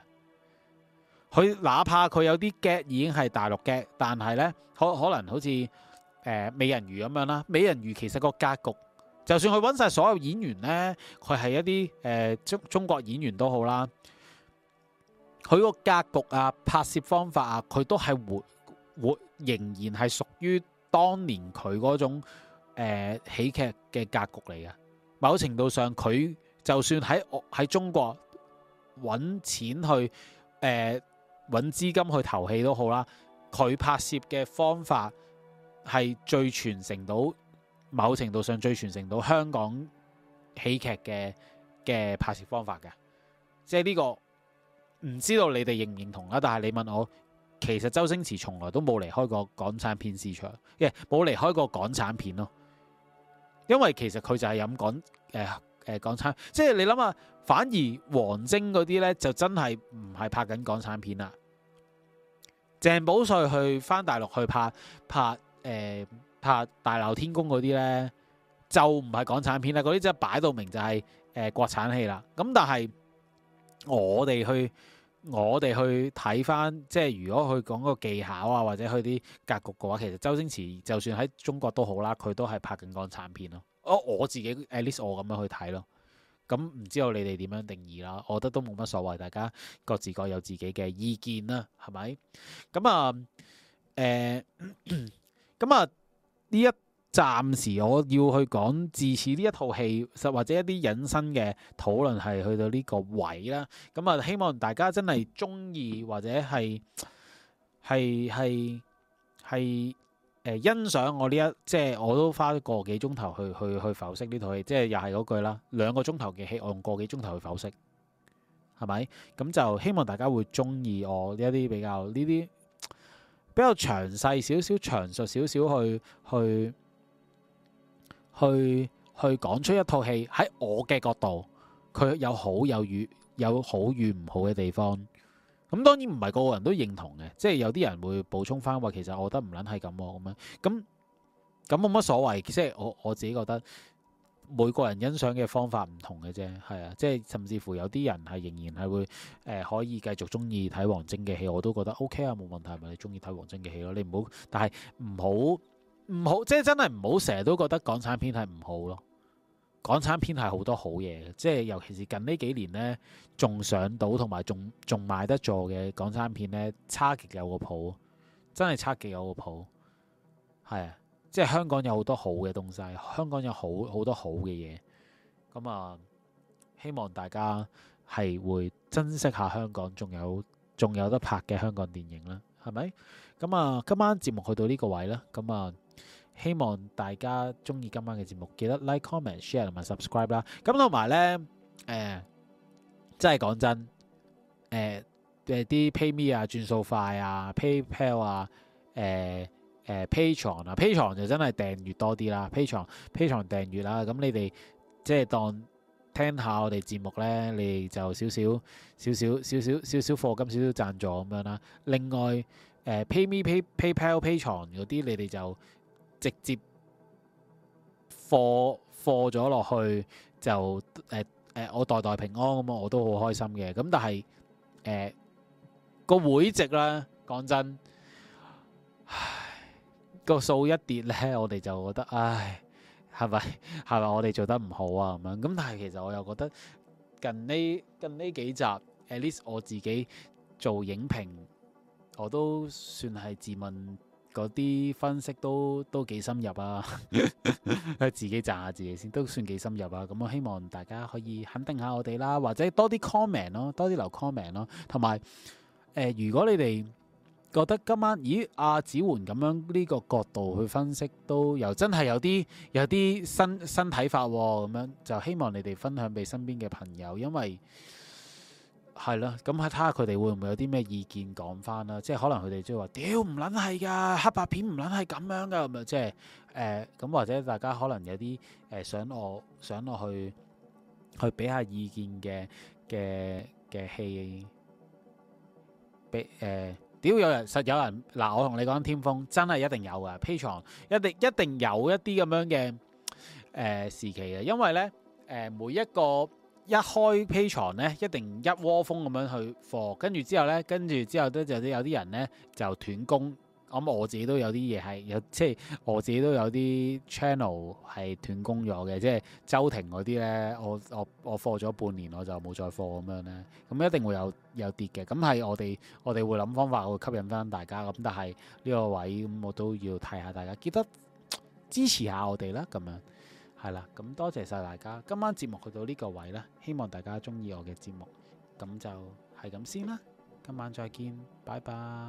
佢哪怕佢有啲 get 已經係大陸 get，但係呢，可可能好似誒、呃、美人魚咁樣啦。美人魚其實個格局，就算佢揾晒所有演員呢，佢係一啲誒、呃、中中國演員都好啦。佢個格局啊，拍攝方法啊，佢都係活活仍然係屬於當年佢嗰種誒、呃、喜劇嘅格局嚟嘅，某程度上佢就算喺喺中國揾錢去誒揾資金去投戲都好啦，佢拍攝嘅方法係最傳承到，某程度上最傳承到香港喜劇嘅嘅拍攝方法嘅，即係呢、這個唔知道你哋認唔認同啦，但係你問我。其實周星馳從來都冇離開過港產片市場，冇離開過港產片咯。因為其實佢就係飲港誒、呃、港產，即係你諗下，反而王晶嗰啲呢，就真係唔係拍緊港產片啦。鄭保瑞去返大陸去拍拍誒、呃、拍大鬧天宮嗰啲呢，就唔係港產片啦。嗰啲真係擺到明就係、是、誒、呃、國產戲啦。咁但係我哋去。我哋去睇翻，即係如果去講個技巧啊，或者去啲格局嘅話，其實周星馳就算喺中國都好啦，佢都係拍緊港產片咯。哦，我自己 at least 我咁樣去睇咯，啊。咁唔知道你哋點樣定義啦，啊？我覺得都冇乜所謂，大家各自各有自己嘅意見啦，係咪？咁啊，誒，咁啊呢、呃 啊、一暫時我要去講智齒呢一套戲，實或者一啲引申嘅討論係去到呢個位啦。咁、嗯、啊，希望大家真係中意或者係係係係欣賞我呢一，即係我都花個幾鐘頭去去去剖析呢套戲，即係又係嗰句啦，兩個鐘頭嘅戲我用個幾鐘頭去剖析，係咪？咁、嗯、就、嗯嗯、希望大家會中意我呢一啲比較呢啲比較詳細少少、詳述少少去去。去去去去講出一套戲喺我嘅角度，佢有好有與有好與唔好嘅地方。咁當然唔係個個人都認同嘅，即係有啲人會補充翻話，其實我覺得唔撚係咁咁樣。咁咁冇乜所謂，其實我我自己覺得每個人欣賞嘅方法唔同嘅啫。係啊，即係甚至乎有啲人係仍然係會誒、呃、可以繼續中意睇王晶嘅戲，我都覺得 O、OK、K 啊，冇問題，咪、就是、你中意睇王晶嘅戲咯。你唔好，但係唔好。唔好，即係真係唔好，成日都覺得港產片係唔好咯。港產片係好多好嘢嘅，即係尤其是近呢幾年呢，仲上到同埋仲仲賣得座嘅港產片呢，差極有個譜，真係差極有個譜，係啊，即係香港有好多好嘅東西，香港有好好多好嘅嘢。咁啊，希望大家係會珍惜下香港仲有仲有得拍嘅香港電影啦，係咪？咁啊，今晚節目去到呢個位啦，咁啊。希望大家中意今晚嘅節目，記得 like comment, share、comment、share 同埋 subscribe 啦。咁同埋咧，誒，真係講真，誒、呃、誒啲、呃、PayMe 啊，轉數快啊，PayPal 啊，誒、呃、誒、呃、Patreon 啊 Patreon 就真係訂閲多啲啦。Patreon，Patreon 訂閲啦。咁你哋即係當聽下我哋節目咧，你哋就少少少少少少少少課金少少贊助咁樣啦。另外誒，PayMe、呃、Pay、Pay, PayPal、Patreon 嗰啲，你哋就～直接貨貨咗落去就誒誒、呃呃，我代代平安咁啊，我都好開心嘅。咁但係誒、呃、個會值會籍咧，講真唉，個數一跌咧，我哋就覺得，唉，係咪係咪我哋做得唔好啊咁樣？咁但係其實我又覺得近呢近呢幾集，at least 我自己做影評，我都算係自問。嗰啲分析都都幾深入啊！ 自己讚下自己先，都算幾深入啊！咁我希望大家可以肯定下我哋啦，或者多啲 comment 咯、啊，多啲留 comment 咯、啊。同埋、呃、如果你哋覺得今晚咦阿、啊、子桓咁樣呢、這個角度去分析，都又真係有啲有啲新新睇法喎、啊，咁樣就希望你哋分享俾身邊嘅朋友，因為。係咯，咁睇下佢哋會唔會有啲咩意見講翻啦？即係可能佢哋即係話：屌唔撚係㗎，黑白片唔撚係咁樣㗎，咁啊即係誒咁或者大家可能有啲誒想我想我去去俾下意見嘅嘅嘅戲，俾誒屌有人實有人嗱，我同你講，天風真係一定有㗎，Patreon 一定一定有一啲咁樣嘅誒時期嘅，因為咧誒每一個。一開 Patreon 咧，一定一窩蜂咁樣去課，跟住之後咧，跟住之後都就有啲人咧就斷供。咁我，我自己都有啲嘢係，有即係我自己都有啲 channel 係斷供咗嘅，即係周庭嗰啲咧。我我我課咗半年，我就冇再課咁樣咧。咁一定會有有跌嘅。咁係我哋我哋會諗方法，會吸引翻大家。咁但係呢個位咁、嗯，我都要睇下大家，記得支持下我哋啦，咁樣。係啦，咁多謝晒大家，今晚節目去到呢個位啦，希望大家中意我嘅節目，咁就係咁先啦，今晚再見，拜拜。